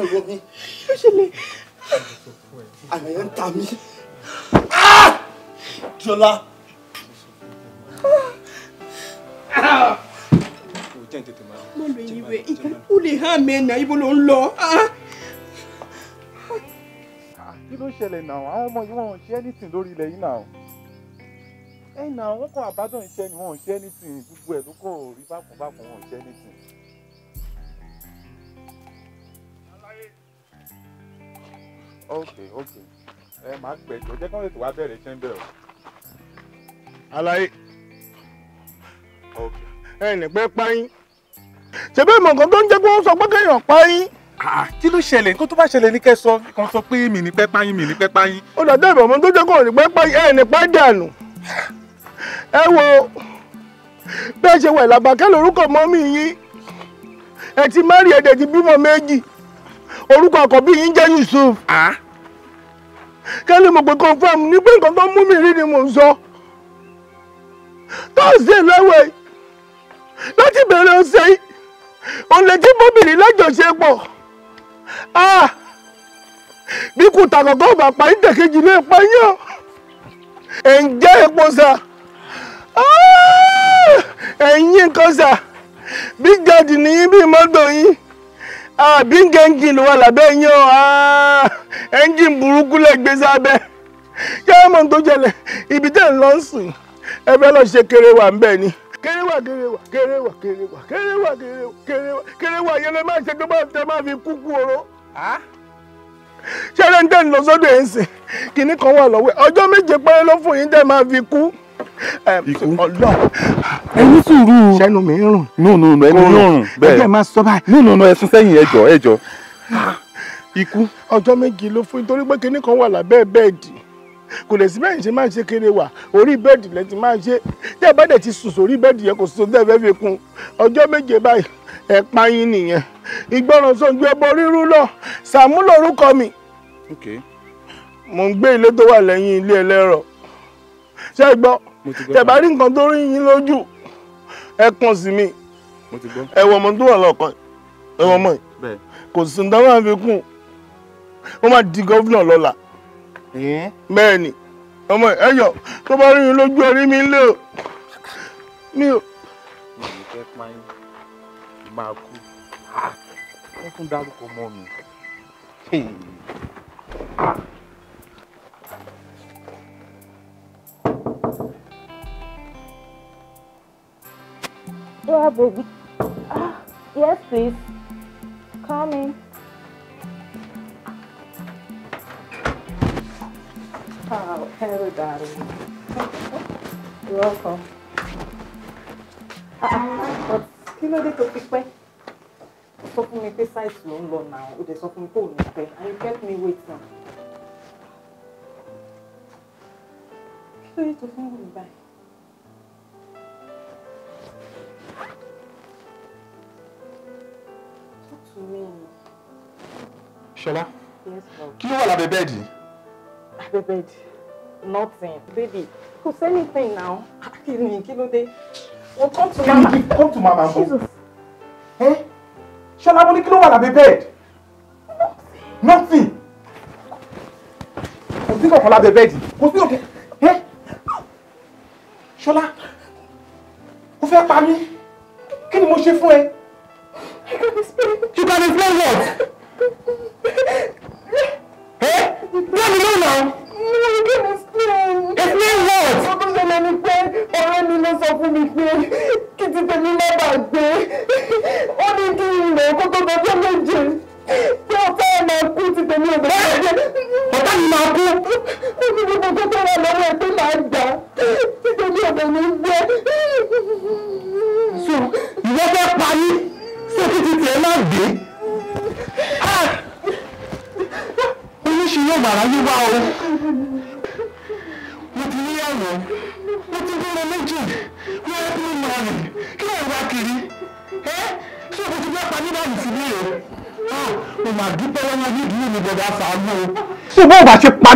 S1: ẹ̀rọ mi. Ó ṣẹlẹ̀ àyà ń ta mí. jọlá.
S2: mo lè yí wẹ̀ ó lè hàn mí ẹ̀nà ibo ló ń lọ.
S1: kí ló ṣẹlẹ̀ náà àwọn ọmọ yìí wọn ò ṣe anything lórí ilẹ̀ yìí náà ẹ̀nà wọn kọ àbádọ́ ìṣẹ́ ni wọn ò ṣe anything gbogbo ẹ̀ ló kọ̀ rí bákan bákan wọn ò ṣe anything. ok ok ẹ máa gbẹjọ jẹ kí wọn tètè wá bẹ̀rẹ̀ iṣẹ́ ń bẹ o. alaye ẹnì pẹ́ páyín ṣe bẹ́ẹ̀ mọ̀ nǹkan tó ń jẹ́ pé wọ́n sọ pé kéèyàn páyín. kí ló ṣẹlẹ̀ nǹkan tó bá ṣẹlẹ̀ ní kẹ́ sọ kan sọ pé mi ní pẹ́ páyín mi ní pẹ́ páyín. ó dàda ìbọ̀mọ́ tó jẹ́ kó ní páyín ẹnì pẹ́ dànù ẹ wo bẹ́ẹ̀ ṣe wà ìlàbàkẹ́ lórúkọ mọ́mí yín ẹ ti má rí ẹ̀dẹ̀ ti bímọ méjì orúkọ àkọ́bí yìí ń jẹ́ Yusuf. kẹ́lí mo pé confam ní pé nǹkan tó mú mi rí ni mò ń sọ. tọ́sídẹ̀ẹ́ lẹ́wẹ̀ láti bẹ̀rẹ̀ ọ̀sẹ̀ yìí òun lè ti bóbìnrin lájọṣepọ̀. bí kùtà kọ̀ọ̀kan ọ̀bà pa yín tẹ̀kejì lè pa yín ọ̀ ẹ̀ ń jẹ́ epo sà ẹ̀yin nǹkan sà bí jáde nìyí bí mọ́tò yín bíngẹ̀ ẹ́ńjìn ló wà lábẹ́ yín o ẹ́ńjìn ah, burúkú lẹ gbé sábẹ́ yẹ́n mọ̀ tó jẹlẹ̀ ibi tẹ́ ń lọ sùn ẹ fẹ́ lọ ṣe kéréwà ńbẹ ni kéréwà kéréwà kéréwà kéréwà kéréwà kéréwà kéréwà yẹn lè má ṣe tó bá tẹ má fi kúkú oró ṣẹlẹ̀ ń tẹ̀ ń lọ sọ́dọ̀ ẹ̀ ń sìn kínní wà lọ́wọ́ ọjọ́ méje péré fún yín tẹ́ máa fi kú. ọlọ ẹni sùúrù sẹnu mi rùn. nù rùn ẹjẹ máa sọ báyìí. nù ẹsùn ẹjọ fún nítorí pé kinní kan wà lábẹ́ bẹ́ẹ̀dì kò lè sí ṣe máa ṣe orí bẹ́ẹ̀dì lẹ́ ti máa ṣe ti sùn sórí bẹ́ẹ̀dì yẹn kò fi ọjọ́ pa yín nìyẹn ìgbọràn lọ sàmúlò orúkọ mi. mo gbé ilé tó wà lẹ́yìn ilé ẹlẹ́rọ̀ ṣe gbọ́ tẹ̀bá rí nǹkan tó rí yín lójú ẹ kàn sí mi ẹ wọ ọmọ tó wà lọ́ọ̀kan ẹ wọ ọmọ yìí kò sí ní táwọn àfi kún wọ́n máa di gọ́vnà lọ́la bẹ́ẹ̀ ni ọmọ ẹ yọ tó bá rí yín lójú ẹ rí mi lé o mi ò. máa
S3: trouble. With... Ah, yes, please. Coming. in. Oh, hello, darling. You're welcome. Ah, ah, ah, kí ló dé
S2: tó fi pẹ́? Ó sọ fún mi pé ṣáìsì ló ń lọ náà, ó dẹ̀ sọ mi pé And you kept
S4: me waiting. Kí ló dé tó fi ń wù
S1: Shola, Yes, Lord. Kí ló wà lábẹ́ bẹ́ẹ̀dì?
S3: Lábẹ́ Nothing. Baby, Who
S2: say anything now. Kí ni kí ló Well, come to mama.
S1: Kí come to mama? Jesus. eh? Shola, what do you want wà lábẹ́ bẹ́ẹ̀dì? Nothing. Kò sí kankan lábẹ́ bẹ́ẹ̀dì. Kò sí òkè. Ẹ́ Ṣọlá, o fẹ́ pa mí? Kí ni mo ṣe
S2: can explain what?
S3: eh? Let me know now. No, ò kí explain. Explain what? I
S4: don't ni pé ọ̀rẹ́ mi ló sọ fún mi pé kí ti day.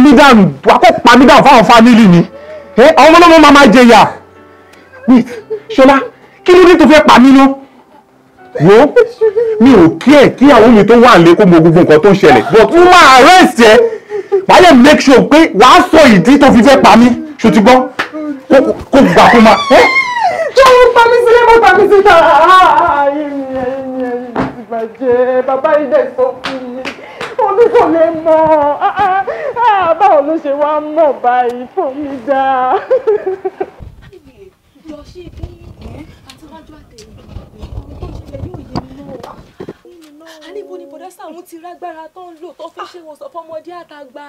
S1: mí dànù wà kó pa mí dànù fáwọn fámìlì mi àwọn ọmọ náà máa jẹyà ṣọlá kí ló dé tó fẹ́ pa mí ná wo mi ò kí ẹ kí àwọn mi tó wà lé kó mọ gbogbo nǹkan tó ń ṣẹlẹ̀ but mo máa arrest ẹ wàá lè make sure pé wàá sọ ìdí tó fi fẹ́ pa mí ṣùtìgbọ́ kó gbà kó máa jọ̀wọ́ pami sílẹ̀ mọ́ pami síta ààyè
S2: mi ẹ̀yìn ẹ̀yìn ti bàjẹ́ bàbá ilé sọ fún mi omi kò lè
S1: mọ̀ ah, ah báwo ló ṣe wá mọ̀ báyìí fún mi dáa.
S3: lọ ṣe níbo ni bọ̀dá sáwọn ti rágbára tó ń lò tó fi ṣe wọ̀sán fọmọdé àtàgbà.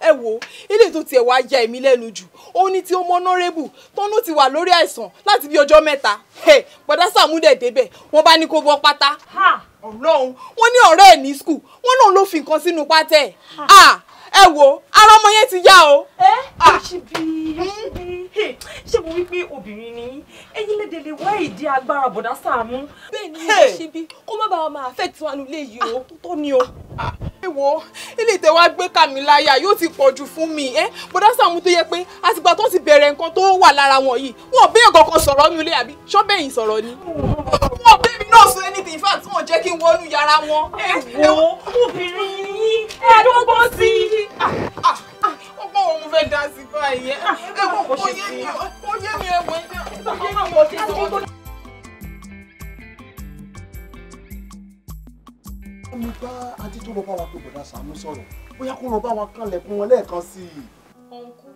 S2: ẹ wo ilé tó tiẹ̀ wá ya èmi lẹ́nu jù ó ní tí ó mọ nọ́rẹ́bù tọ́nú ti wà lórí àìsàn láti bí ọjọ́ mẹ́ta bọ̀dá sáwọn dẹ̀ débẹ̀ wọ́n bá ní kó bọ́ pátá ọlọ́run wọ́n ní ọ̀rẹ́ ẹ̀ ní skul wọ́n náà ló fi nǹkan sínú pátẹ́ ẹ wo ara ọmọ yẹn ti yá o. ẹ ṣíbi ah. ṣíbi ṣé mo wí pé obìnrin ni ẹ̀yin lè délé wá ìdí agbára bọ̀dá Sàámú. bẹ́ẹ̀ ni ìyá ṣíbi kó má bàa máa fẹ́ tiwa nílé yìí o tó ah. ní o. Ah. ẹ wo ilé ìtẹ̀wá gbé kàmí láyà yóò ti pọ̀ jù fún mi ẹ bọ̀dá Sàámú tó yẹ pé àtìgbà tó ti bẹ̀rẹ̀ nǹkan tó wà lára wọn yìí wọn ò bẹ́ẹ̀ kankan sọ̀rọ̀ nílé àbí ṣọ́bẹ̀yìn sọ̀rọ̀ ni. wọn ò bẹ́ẹ̀ mi náà sọ anything in fact wọn ò jẹ́ kí n wọnú yàrá wọn. wo obìnrin yín ẹ dọ́gbọ́n sí i ọgbọ́n wo mo fẹ́ dá sí báyìí ẹ ẹ̀wọ̀n kò yé mi ó yé mi ẹ̀wọ̀n ó yé mi
S1: ó. mo bá àǹtí tó lọ bá wa pé bọ̀dá Sàámú bóyá kó lọ bá wa kanlẹ̀kùn wọn lẹ́ẹ̀kan sí i.
S3: ọ̀nkú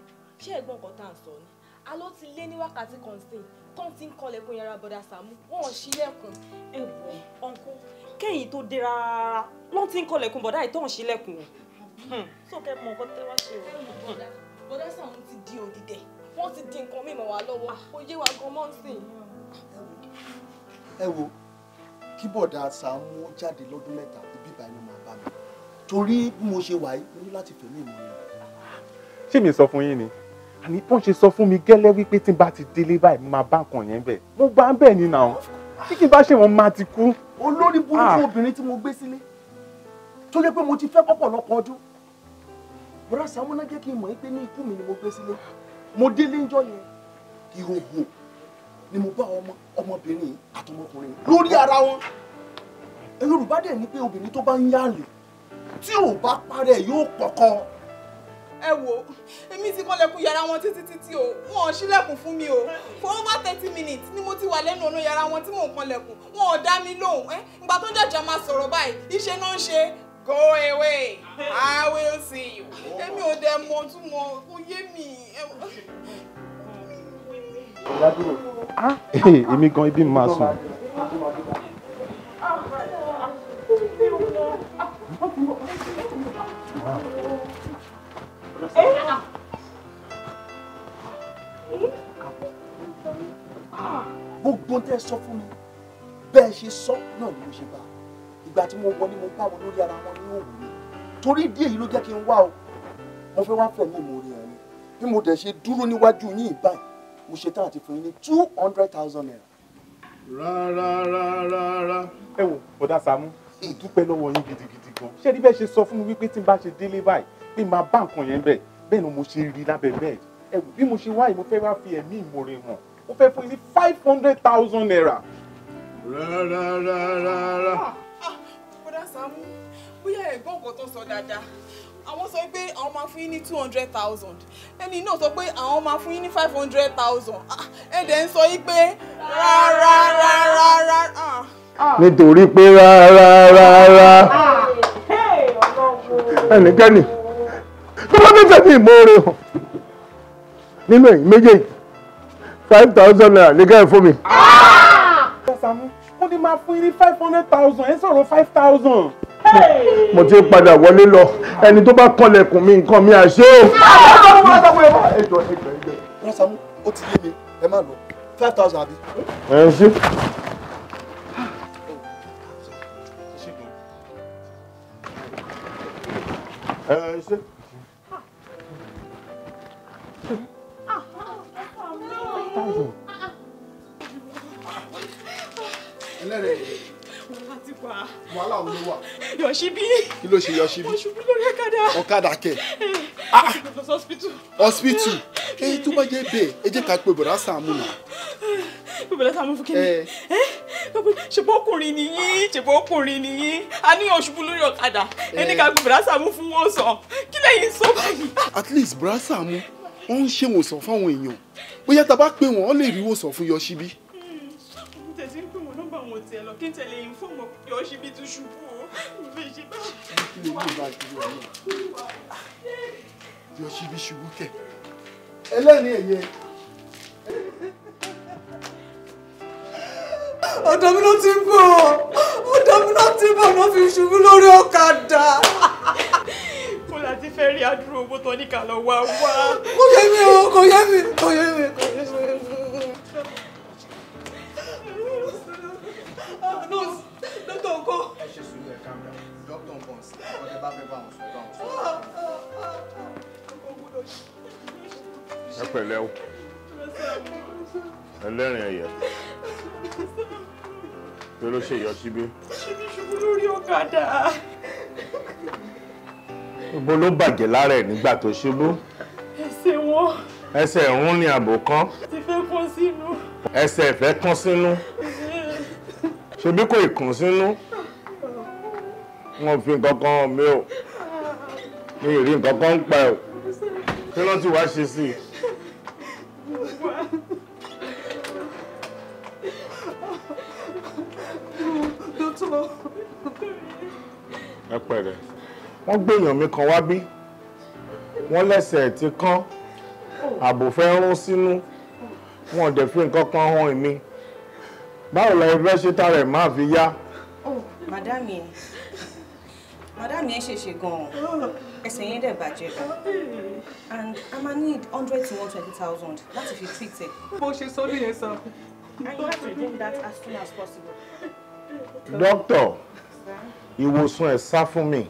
S3: ṣé ẹ̀gbọ́n nǹkan tá à ń sọ ni aló ti lé ní wákàtí kan sí tó ti ń kanlẹ̀kùn yàrá bọ̀dá Sàámú wọn ò ṣílẹ̀kùn ẹ̀wọ̀n ọ̀nkú
S2: kẹ́yìn tó dé rárá ló ti ń kanlẹ̀kùn bọ̀dá ìtọ́ ò ṣílẹ̀kùn Hmm. sókè mọ ọkọ tẹ wá ṣe o. bọ́dá Sàámú ti di òdìdẹ wọ́n ti di nǹkan mímọ̀ wá lọ́wọ́ ah. ó yé wa gan mọ́ǹsìn.
S1: ẹ wo kí bọ̀dá Sàámú jáde lọ́dún mẹ́ta ibi ìbá ẹni máa bá mi torí bí mo ṣe wà yìí mo ní láti fẹ̀mí mi ni. ṣé mi sọ fún yín ni àní bọ́n ṣe sọ fún mi gẹ́lẹ́ wípé tí n bá ti délé báyìí mo máa bá nǹkan yẹn bẹ̀ mo bá ń ni nà ọ́ tí kì í bá ṣe wọn máa ti kú. olórí burúkú ah. obìnrin tí mo gbé sílé tó yẹ pé mo ti fẹ́ pọ̀pọ̀lọpọ̀ ọdún bùrọ̀ Sàámú náà jẹ́ kí n mọ̀ pé ní ikú mi ni mo gbé sílé mo délé ńjọ́ yẹn ìhòòhò ni mo bá ọmọ ọmọbìnrin àtọmọkùnrin lórí ara wọn Yorùbá dẹ̀ ní pé obìnrin tó bá ń yáàlè tí ò bá parẹ́ yóò kọ̀kọ́
S2: ẹ wò èmi ti kọ́lẹ̀kùn yàrá wọn títí títí o wọn ò ṣílẹ̀kùn fún mi o for over thirty minutes ni mo ti wà lẹ́nu ọ̀nà yàrá wọn tí mò ń kọ́lẹ̀kùn wọn ò dá mi lóhùn ẹ ìgbà tó jàjà máa sọ̀rọ̀ báyìí iṣẹ́ náà ń ṣe go away i will see you. èmi ò dẹ̀ mọ̀ tún mọ̀ kò yé mi.
S1: Ah, èmi gan ibi máa sùn. gbogbo tẹ sọ fún mi bẹ́ẹ̀ ṣe sọ náà ni mo ṣe bá a ìgbà tí mo wọlé mo bá wọn lórí ara wọn ní òwú mi torí ìdí èyí ló jẹ́ kí n wá o mo fẹ́ wá fẹ̀mí ìmoore hàn ni bí mo dẹ̀ ṣe dúró níwájú yín báyìí mo ṣe tán àti fún yín ní two hundred thousand naira. rárá rárá rárá. ẹ wo bọ̀dá Sàámú mo dúpẹ́ lọ́wọ́ yín gidigidi gan ṣé ẹni ṣe sọ fún mi wípé tí n bá ṣe délé báyìí pé màá bá nǹkan yẹn bẹ̀ bẹ́ẹ̀ ni mo ṣe rí lábẹ́ bẹ́ẹ̀ ẹ wò bí mo ṣe wáyé mo fẹ́ wá fi ẹ̀mí ìmoore hàn mo fẹ́ fún yín ní five hundred thousand naira. rárá rárá rárá
S2: ẹ gbọ́ nǹkan tó sọ dáadáa àwọn sọ pé àwọn máa fún yín ní two hundred thousand ẹni náà sọ pé àwọn máa fún yín ní five hundred thousand ah, ẹ dẹ̀ ń sọ yín pé
S4: rárá rárá
S3: rárá. Ah.
S1: nítorí pé rárá rárá ẹnikẹ́ni tó bá fẹ́ẹ́ ní ìmoore hàn nínú ẹ̀yìn méjèèjì five thousand naira ní kẹ́hìn fún mi. wọ́n ah! ti máa fún yín ní five hundred thousand ẹ̀ sọ̀rọ̀ five thousand mo ti padà wọlé lọ ẹni tó bá kọlẹ̀kùn mi nǹkan mi àṣẹ o. ẹjọ ẹjọ ẹjọ wọn sàmú ó ti yé five thousand àbí
S2: wà. wàhálà wo ló wà. yọ̀ṣibí.
S1: kí ló ṣe yọ̀ṣibí. ọ̀ṣubú lórí ọ̀kadà. ọ̀kadà kẹ̀.
S2: Eh, ah, ah. hospital.
S1: hospital. èyí tó bá jẹ́ bẹ́ẹ̀ ẹ jẹ́ ká pe bọ̀dá Sàámú nà. Eh,
S2: bọ̀dá Sàámú fún kíni. ṣèpọ̀ eh. ọkùnrin nìyí ṣèpọ̀ ọkùnrin nìyí a ní ọ̀ṣubú lórí ọ̀kadà ẹni ká pe bọ̀dá
S1: Sàámú fún wọn sọ kí lẹ́yìn sọ báyìí. at least bọ̀dá Sàámú wọ́n ń ṣe wòsàn fáwọn èèyàn bóyá tá a bá pè wọ́n lè rí wòsàn fún yọ̀ṣibí
S4: hmm, tẹ̀sí ń pè wọ́n
S2: nọ́mbà wọn tiẹ̀ lọ kí n tẹ̀lé yín fóònù ọkọ jọ ṣe bí tún ṣubú o ìfẹ́ ṣe bá wà.
S1: yọ ṣe bí ṣubú kẹ ẹlẹ́ni ẹ̀yẹ. ọ̀dọ̀
S2: mi ló ti ń bọ̀ ọ̀dọ̀ mi ló ti ń bọ̀ ló fi ṣubú lórí ọ̀kadà la ti fẹ́ rí àdúró owó tó ní kà lọ wá wá. kò yé mi o kò yé mi
S4: kò yé mi kò yé mi.
S3: fẹ́ bá
S2: wọn é bá wọn
S1: sọ. ẹ pẹ̀lẹ́ o ẹlẹ́rìn ẹ̀yẹ pé ló ṣe ìyọ síbí.
S2: ṣíbí ṣubú lórí ọ̀kadà.
S1: gbogbo ló bàjẹ́ lára ẹ̀ nígbà tó ṣubú.
S2: ẹsẹ̀ wọn.
S1: ẹsẹ̀ ìrún ni àbò kan.
S2: ti fẹ́ kán sínú.
S1: ẹsẹ̀ ìfẹ́ kán sínú. ṣebí kò ì kán sínú wọn fi nǹkan kan hàn mí o mi ì rí nǹkan kan ń pa ẹ o kí ló sì wá ṣe sí i. ẹ pẹ̀lẹ́ wọ́n gbé èèyàn mi kan wá bí wọ́n lẹ́sẹ̀ ti kán ààbò fẹ́ rún sínú wọn ò dẹ̀ fi nǹkan kan hàn mí báwo la ẹ fẹ́ ṣe tá rẹ̀ má fi yá.
S4: madam yẹn madam yẹn ṣèṣe gan-an oh. ẹsẹ̀ yẹn dẹ̀ bàjẹ́ and i ma need hundred to one twenty thousand láti fi treat ẹ̀. mo ṣe sọ nìyẹn sir. and you have to do that as soon as possible.
S1: doctor ìwòsàn ẹ̀ sá fún mi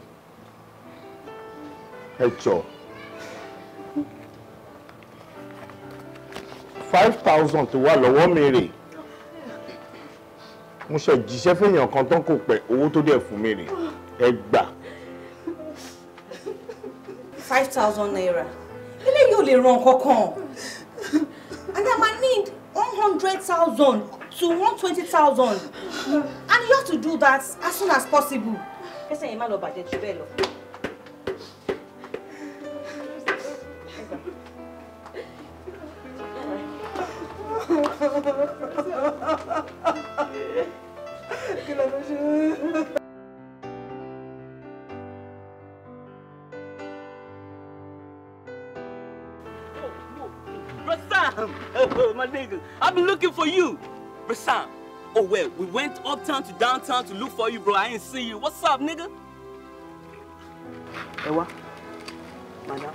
S1: ẹ jọ five thousand tó wà lọ́wọ́ mi rèé mo ṣe jíṣẹ́ fẹ́yàn kan tán kò pẹ́ owó tó dẹ̀ fún mi rè ẹ gbà
S4: five thousand naira eléyìí ò lè ran kankan
S2: and i ma need one hundred thousand to one twenty thousand
S3: and you have to do that as soon as possible. ẹsẹ̀ yẹn má lọ bàjẹ́ jù bẹ́ẹ̀ lọ.
S2: been looking for you. Bro, Oh, well, we went uptown to downtown to look for you, bro. I ain't see you. What's up, nigga? Ẹ wá, madam.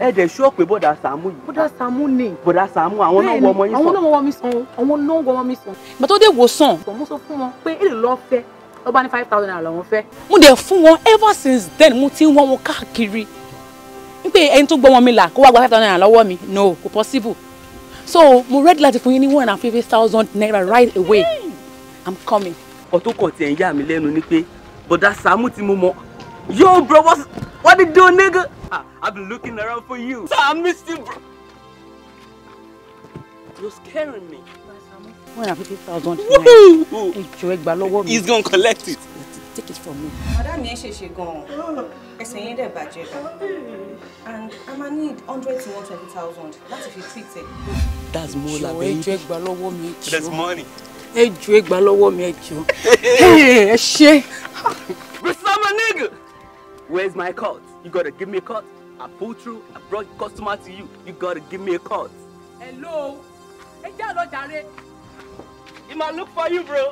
S2: Ẹ dẹ̀ ṣọ́ pé bọ́dà Sàámú yìí.
S3: Bọ́dà Sàámú ni.
S2: Bọ́dà Sàámú àwọn náà wọ ọmọ yín sàn. Àwọn náà
S3: wọ ọmọ mi sàn. Àwọn náà wọ ọmọ mi sàn.
S2: Ìgbà tó dé wòsàn.
S3: Mo sọ fún wọn pé èlò lọ fẹ́. Lọ bá ní five thousand naira lọ́wọ́ fẹ́. Mo ever since then mo ti ń
S2: wọ́n wọn káàkiri. N pé ẹni tó gbọ́ wọn mi là kó wá gba five thousand No, kò possible
S3: so mo ready láti fún yín ní one and fifty thousand naira right away i'm coming.
S2: ọtún kan tiẹ̀ ń yà mí lẹ́nu ni pé bọ̀dá Sàámú tí mo mọ̀ yo bro what what you do nigga ah, i've been looking around for you so i miss you bro
S4: you're scaring me.
S3: one and fifty thousand naira ẹ
S2: jọ̀ọ́ ẹ gbà lọ́wọ́ mi. he's gonna collect it take it from me.
S4: madam yẹn ṣe ṣe gan-an ẹsẹ̀ yẹn dẹ̀ bàjẹ́ and i need hundred to one twenty thousand láti treat ẹ.
S2: that's more like baby. ṣùgbọ́n ẹjọ́ ẹgbàá lọ́wọ́ mi jù. that's money. Hey, ẹgbàá lọ́wọ́ mi
S4: ẹjọ́. ẹ ṣe.
S2: Gusama nigga where's my cut you gotta give me a cut I pull through I brought customer to you you gotta give me a cut. hello ẹ jẹ́ àlọ́ jàre. he might look for you bro.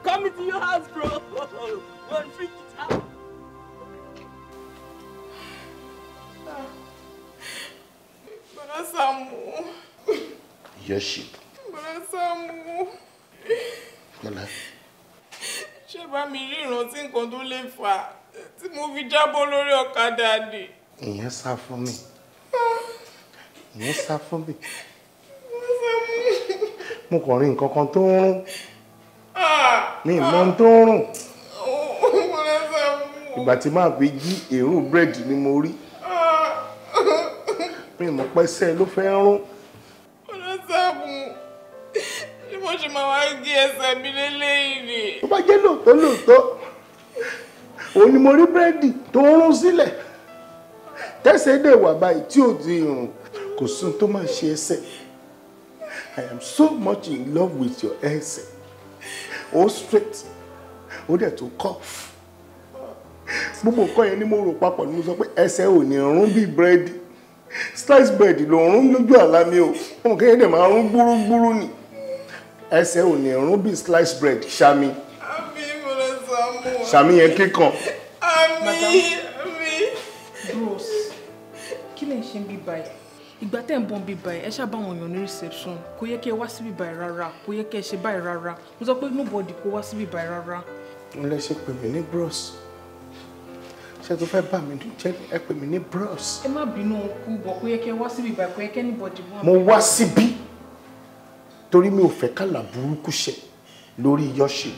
S2: I'm coming to your house, bro. One freak it out. Bọ̀dá Sàámú. Your ship. Bọ̀dá Sàámú. Bọ̀dá. Ṣé bá mi rí ìrántí nǹkan tó lè fà á mo fi jábọ́ lórí ọ̀kadà dè?
S1: Ìyẹn sá fún mi. Ah. Ìyẹn sá fún mi. Mo kàn rí nǹkan kan tó mi mọ ìgbà tí máa fi jí èrún búrẹ́dì ni mo rí mi mọ pẹ́sẹ́ ló fẹ́ rún.
S2: ọlọ́sàbùn
S1: bá jẹ́ lóòótọ́ lóòótọ́ òun ni mo rí búrẹ́dì tó ń rún sílẹ̀ tẹ́sẹ̀ dẹ̀ wà báyìí tí ò di irun kò sóhun tó máa ṣe ẹsẹ̀ I am so much in love with your ẹsẹ̀ ó straight ó dẹ̀ tó cough gbogbo nǹkan yẹn ni mo rò papọ̀ ni mo sọ pé ẹsẹ̀ ò ní rún bíi búrẹ́dì slice bread ló rún lójú àlá mi o òun kéèyàn dẹ̀ máa rún gbúrúgbúrú ni ẹsẹ̀ ò ní rún bíi slice bread ṣami ṣami yẹn kíkan.
S3: ami ami,
S2: dúró kí lè ṣe ń bí báyìí ìgbà tẹ́ ń bọ́n bí báyìí ẹ ṣáà bá àwọn èèyàn ní reception kò yẹ kí ẹ wá síbí báyìí rárá kò yẹ kí ẹ ṣe báyìí rárá mo sọ pé nobody kò wá síbí báyìí rárá.
S1: n lè ṣe pè mí ní bros ṣé tó fẹ́ bà mí jẹ́ ẹ pè mí ní bros.
S2: ẹ má bínú kú bọ̀ kò yẹ kí ẹ wá síbí báyìí kò yẹ kí anybody. mo wá
S1: síbí torí mi ò fẹ́ kàlà burúkú ṣe lórí yọ́ṣì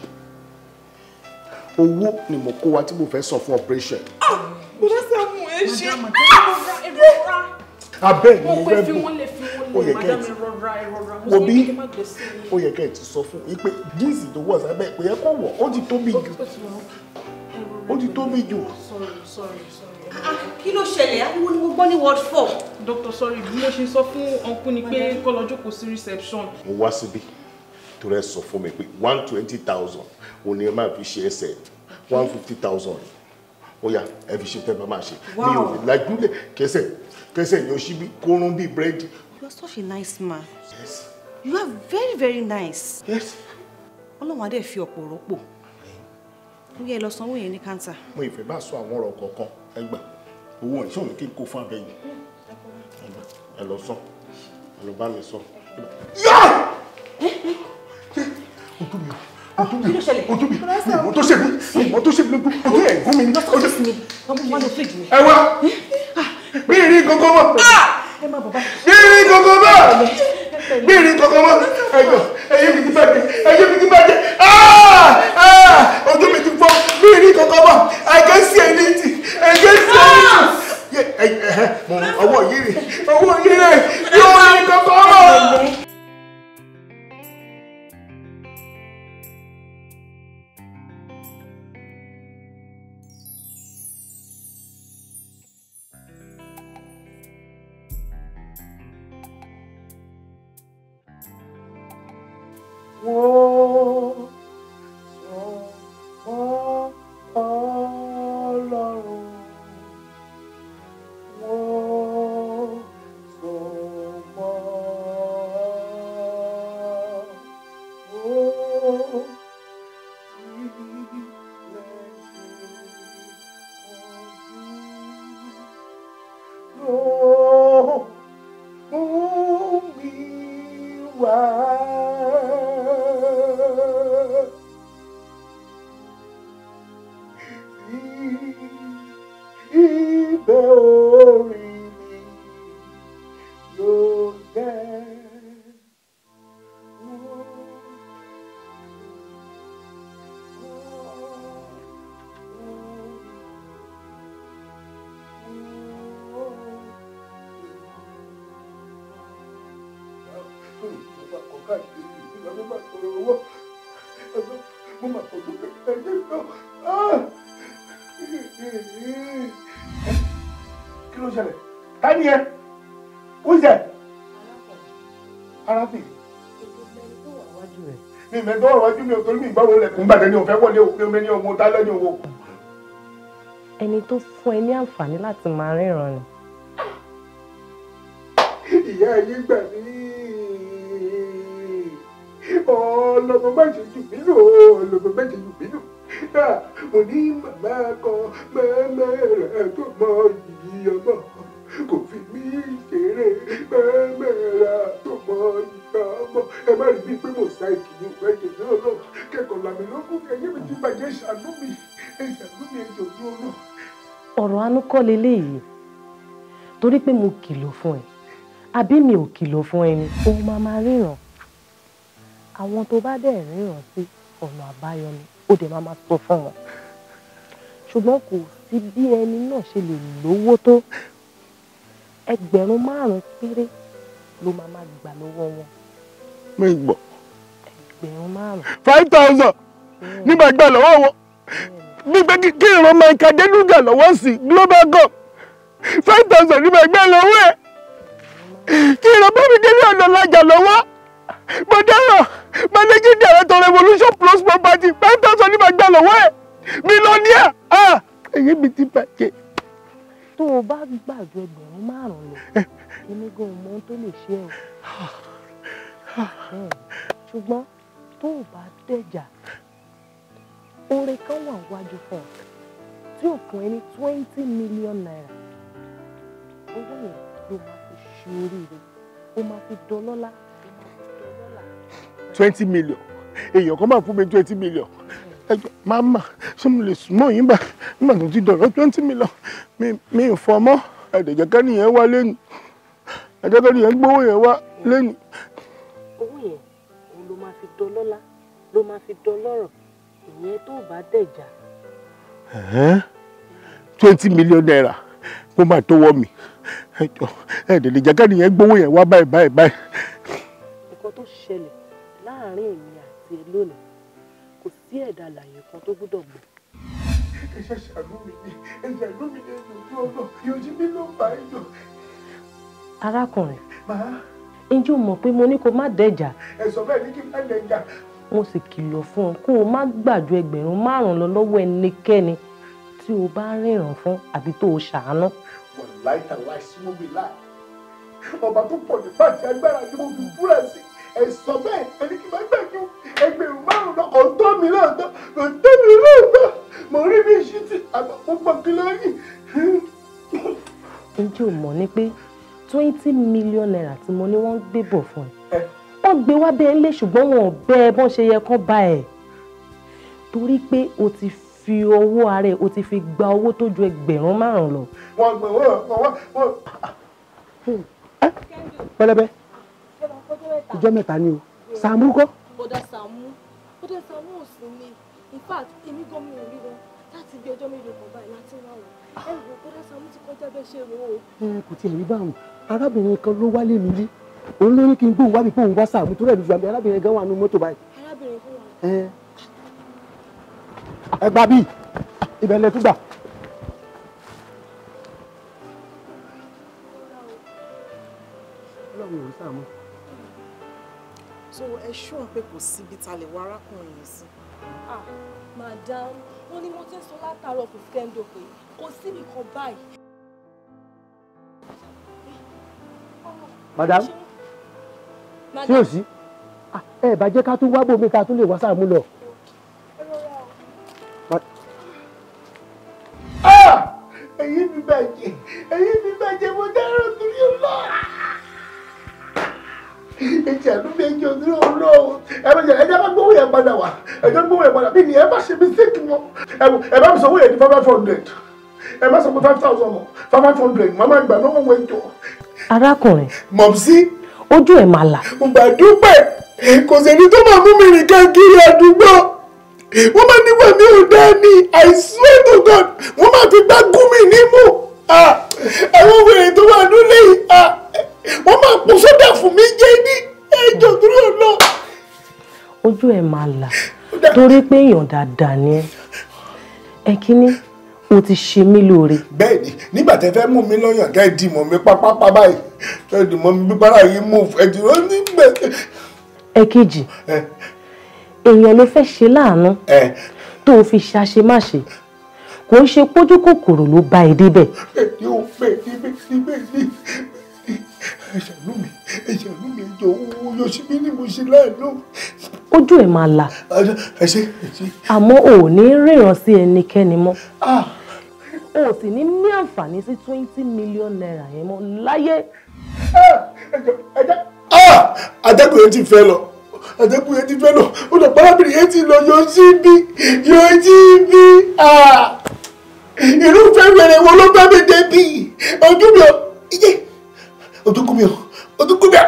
S1: owó ni mo kó wa tí mo fẹ́ sọ fún operation. ah mo dá
S2: sí ọmọ ẹ ṣe
S1: abẹ́ mi rẹ́bù ó yẹ kẹ́ ẹ̀ ti òbí ó yẹ kẹ́ ẹ̀ ti sọ fún yìí pé jíìsì tó wọ̀ sábẹ́ kò yẹ kó wọ̀ ó ti tóbi jù ó ti tóbi jù.
S3: Ah,
S2: ah, kí ló ṣẹlẹ̀ ariwo ni mo gbọ́ ní ward four. doctor sorry bí mo ṣe sọ fún ọkùn ni pé kó lọ jókòó sí reception.
S1: mo wá síbí torí ẹ sọ fún mi pé one twenty thousand òun ni ẹ máa fi ṣe ẹsẹ one fifty thousand ó yá ẹ fi ṣe tẹ́ bá máa ṣe mi ò lájúlẹ̀ kẹsẹ̀ kẹsẹ̀ yan síbí kó rún bíi búrẹ́dì.
S4: you are such a nice man. yes. you are very very nice. yes. ọlọ́run adé fi ọ̀pọ̀ rọ́pò ó yẹ lọ sanwó yẹn ní káńtà.
S1: mo ìfẹ́ bá sọ àwọn ọ̀rọ̀ kọ̀ọ̀kan ẹgbà owó ẹ̀ sọ̀rọ̀ kí n kó fún abẹ́yìn ẹ lọ sọ ẹ lọ bá mi sọ. ojú mi ojú mi ojú mi ìwọ tó ṣe mí ìwọ tó ṣe mí lójú ojú ẹ̀ gún mi ní. ẹ wá. Eh?
S3: Ah bí ìrí kókó mọ́ ah!
S1: bí ìrí kókó mọ́ bí ìrí kókó mọ́ ẹ̀jọ̀ ẹ̀yẹ mi ti bàjẹ́ ẹ̀yẹ mi ti bàjẹ́ ah! ah! ojú mi ti fọ́ bí ìrí kókó mọ́ I can see anything I can see
S4: anything ọwọ́ yìí rè ọwọ́ yìí rè yóò rí kókó mọ́.
S1: tọrọ lẹkùn bàtẹ ni òfẹ wọlé òpin omi ní ọmọ dálẹ ní owó.
S3: ẹni tó fún ẹ ní àǹfààní láti máa ríran ni.
S1: ìyá ẹyin gbà mí ọlọmọ méjì jù mí lò ọlọmọ méjì jù mí lò mo ní màmá kan mẹ́mẹ́rẹ̀ ẹ̀ tó mọ ìyí ọmọ kò fi mí ṣeré mẹ́mẹ́rẹ̀ tó mọ ìyí ọmọ ẹ má rí bíi pé mo sa ìkìlì òkú ẹ̀jẹ̀ ní kẹ́kọ̀ọ́ làmì lókun ẹ̀yẹ́ mi ti bàjẹ́ ìṣàánú mi ìṣàánú mi ẹ̀jọ̀ ní ọlọ́run.
S3: ọ̀rọ̀ anúkọ́ leléyìí torí pé mo kìlọ̀ fún ẹ àbí mi ò kìlọ̀ fún ẹni ó máa máa ríran àwọn tó bá dẹ̀ ríran sí ọ̀nà àbáyọ ni ó dẹ̀ máa máa sọ fún wọn ṣùgbọ́n kò sí bí ẹni náà ṣe lè
S1: lówó tó ẹgbẹ̀rún márùn-ún péré
S3: ló máa máa gbà lọ́wọ́ wọn
S1: mi gbọ́. ẹgbẹ̀rún márùn. five thousand nígbà gbà lọ́wọ́ wọn gbígbé kí ìran Michael Deluga lọ́wọ́ sí global gov five thousand nígbà gbà lọ́wọ́ ẹ̀ kí ìran bámi délé ọ̀nà lájà lọ́wọ́ gbọdọ̀rọ̀ managing director revolution plus property five thousand nígbà gbà lọ́wọ́ ẹ̀ mílíọ̀nìyà ah, èyí mi ti bàjẹ́. tó o bá gbàgbé ẹgbẹ̀rún márùn-ún lọ eh. èmi gan-an mọ ohun tó lè ṣe ọ́
S3: ṣùgbọ́n tó o bá dẹ̀jà oore kan wà wájú fún ọ tí ò fún ẹ ní twenty million naira owó yẹn
S1: ló máa fi ṣe oríire
S3: ó máa fi dọlọ́lá
S1: twenty million èèyàn kan máa fún mi twenty million ẹjọ màmá ṣé mo lè sùn mọ́ yín bá nígbà tó ti dọ̀rọ̀ twenty million mi mi ò fọ́ mọ́ ẹ̀dẹ̀jẹ̀kẹ́ nìyẹn wá lẹ́nu ẹ̀dẹ̀jẹ̀kẹ́ nìyẹn gbówó yẹn wá lẹ́nu
S3: máa fi dọlọ́lá ló máa fi dọlọ́rọ̀ ìyẹn tó bá dẹ̀jà.
S1: twenty million naira kó máa tó wọ́ mi ẹjọ ẹ̀ẹ́dẹ̀lẹ̀ jẹ́gẹ́ni yẹn gbowó yẹn wá báyìí báyìí báyìí.
S3: nǹkan tó ṣẹlẹ̀ láàárín èmi àti ẹ lónìí kò sí
S1: ẹ̀dá àlàyé kan tó gbọ́dọ̀ gbọ́. ẹ ṣe ṣàánú mi ni ẹ ṣàánú mi ni ẹ ṣàánú ọgbọ yóò mi ló bá ẹ lọ.
S3: arákùnrin. màá ǹjẹ́ o mọ̀ pé mo ní kó má dẹ̀jà.
S1: ẹ̀sọ́ bẹ́ẹ̀ ni kí n má dẹ̀jà.
S3: mo sì kìlọ̀ fún ọ kó o má gbàjọ ẹgbẹ̀rún márùn-ún lọ lọ́wọ́ ẹnikẹ́ni tí o bá ríran fún àbí tó o ṣàánú.
S1: wọ́n láì tà láì sí mọ́bí láì ọba tó pọ̀ nípa àti agbára ni mo fi búra sí ẹ̀sọ́ bẹ́ẹ̀ ẹni kí n má gbàjọ ẹgbẹ̀rún márùn-ún lọ kò tó mi lóòótọ́ kò tó mi lóòótọ́ mo rí bí ìṣítì àgbà púpọ̀ kí lóyìn.
S3: ǹjẹ́ o mọ̀ ni pé twenty million naira tí mo ní wọ́n ń gbé bọ̀ fún ẹ eh. wọ́n gbé wá bẹ́ẹ̀ lé ṣùgbọ́n wọn ò bẹ́ ẹ bọ́n ṣe yẹ kán bá ẹ torí pé o ti fi owó ara ẹ o ti fi gba owó tó ju ẹgbẹ̀rún márùn lọ.
S1: wọ́n gbé wọ́n wọ́n wọ́n. Eh, pẹlẹbẹ
S3: ìjọ mẹ́ta ni o Sàámú kọ́. bọ́dà Sàámú bọ́dà Sàámú ò sí mi in fact èmi gan mi ò rí wọn láti bí ọjọ́ méje kan báyìí láti wá wọn ẹ wò bọ́dà Sàámú ti kọjá bẹ́ẹ̀ ṣe rò ó.
S1: ẹ eh, kò tiẹ̀ rí báwọn arábìnrin kan ló wálé mi lé òun ló ní kí n gbóhùn wábi gbóhùn wá sáà mo tó rẹ̀ lójú àmì arábìnrin gan wà nínú mọ́tò báyìí. wa. ẹ gbà bíi ibẹ̀ lẹ tún gbà. ọlọ́run ò
S2: so ẹ ṣọ́ pé kò síbi ta lè wá arákùnrin yìí sí.
S3: ah madam wọn ni mo ti ń sọ látàárọ̀ kò sí kẹ́ńdọ̀ pé kò síbi kan báyìí
S1: madam sí ò sí ẹ ẹ bá jẹ́ ká tún wá bòmí ká tún lè wá sáà mú lọ. ẹ̀yin ah! mi bàjẹ́ ẹ̀yin mi bàjẹ́ mo dárò torí ọlọ́ ètò àdúgbò ẹjọ torí ọlọ́ ẹ̀rọ̀jà ẹ̀jẹ̀ bá gbówó yẹn padà wá ẹ̀jẹ̀ gbówó yẹn padà bí ni ẹ bá ṣe mistake mọ́ ẹ bá mi sọ wọ́n yẹn di five hundred ẹ má sọ pé five thousand mọ́ five hundred màmá ìgbà lọ́wọ́ wọ́n jọ
S3: arákùnrin. mọ̀mísí. ojú ẹ̀ máa là.
S1: ìgbà dúpẹ́ kò sẹ́ni tó máa mú mi rìn káàkiri àdúgbò wọ́n máa nígbà mi ò ni I swear to God wọ́n máa fi gbá gún mi nímú àwọn wèrè tó wà lólè wọ́n máa pò sódà fún mi jẹ́ ní ẹjọ́ dúró lọ.
S3: ojú ẹ̀ máa là torí pé èèyàn dáadáa ni ẹ kínní o ti ṣe mí lóore.
S1: bẹ́ẹ̀ni nígbà tẹ fẹ́ mú mi lọ́yàn tẹ di mọ mi pápápá báyìí tẹ di mọ mi bíbára yìí mú ẹdì rẹ nígbẹ.
S3: ẹ̀kejì èèyàn ló fẹ́ ṣe láàánú tó o fi ṣàṣemáṣe kò ń ṣe pójú kòkòrò ló bá ẹ débẹ̀.
S1: bẹ́ẹ̀ni o bẹ́ẹ̀ni bẹ́ẹ̀ni bẹ́ẹ̀ni ẹ̀ṣẹ̀lú mi ẹ̀ṣẹ̀lú mi ẹ̀jọ̀ owó yóò ṣe mí ní mo ṣe láàánú.
S3: ojú ẹ̀ máa là àmọ́ ò ní ríran sí ẹnikẹ́ni mọ́. ah o sì ní ní àǹfààní sí twenty million naira yẹn mọ́ láyé.
S1: àjẹkùnrin ah! ah! ti fẹ́ lọ àjẹkùnrin ti fẹ́ lọ ó lọ pálábìrì yẹn ti lọ yọ sí bí yọ sí bí ah! irúfẹ́ wẹ̀rẹ̀ wo ló bá mi débi ojú mi ò iye ojú kú ò ojú kú ò yẹ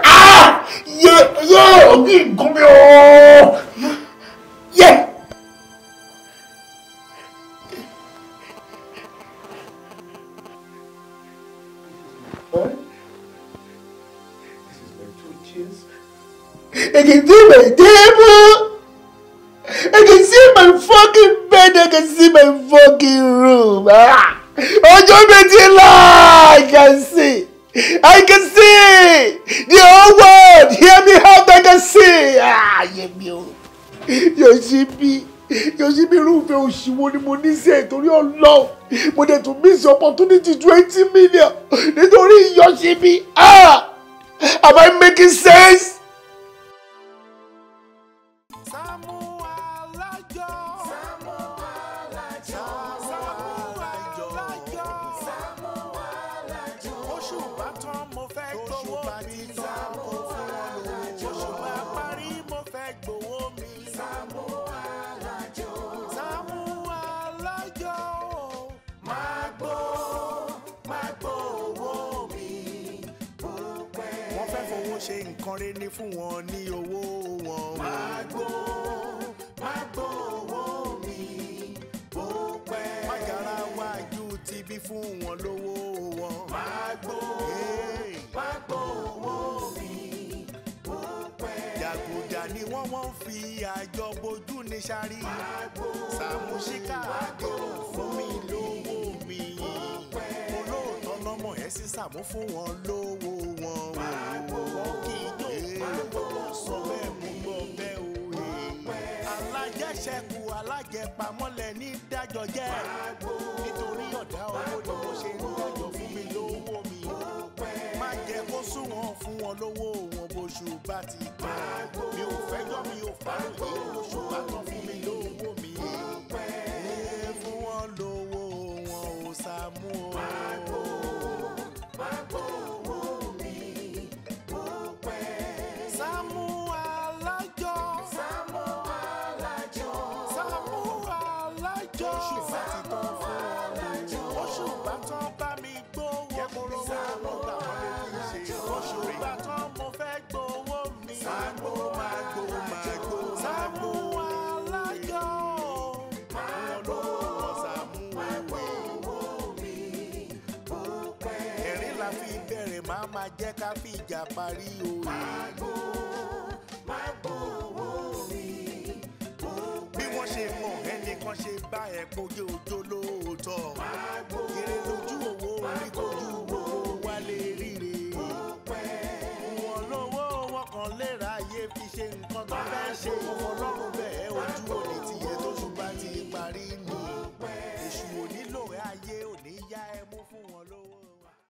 S1: yẹ ojú ìgún ò yẹ. I can see my table. I can see my fucking bed. I can see my fucking room. Ah. Ọjọ́ méjì lá, I can see. I can see. The whole world, hear me out, I can see. Ah, yẹ mi o. Yóò ṣí bí yọsí mi irúfẹ́ òṣìwò ni mo ní sí ẹ̀ torí ọlọ́run mo dẹ̀ tún miss opportunity twenty million nítorí yọsí mi ah am I making sense? re ní fún wọn ní owó wọn. Magbo Magbo owó mi bó pẹ́. Mágara wájú ti bí fún wọn lówó wọn. Magbo Magbo owó mi bó pẹ́. Jàgùjà ni wọ́n wọ́n fi àjọ bojú ní sáré. Magbo Sàmúsíkà àjọ fún mi lówó mi. Bó pẹ́. Olóòótọ́ lọ́mọ ẹ̀ sísàmú fún wọn lówó wọn. Magbo sọ bẹ́ẹ̀ mú gbọ́ bẹ́ẹ̀ òye. alájẹṣẹ́kù alájẹpamọ́lẹ̀ ní dájọ́ jẹ́ nítorí ọ̀dá owó ni mo ṣe ń dájọ́ fún mi lówó mi. má jẹ́ kó súnwọ̀n fún wọn lówó wọn bóṣù bá ti tán mi ò fẹ́jọ́ mi ò fárò yìí lóṣù bá tán parí o.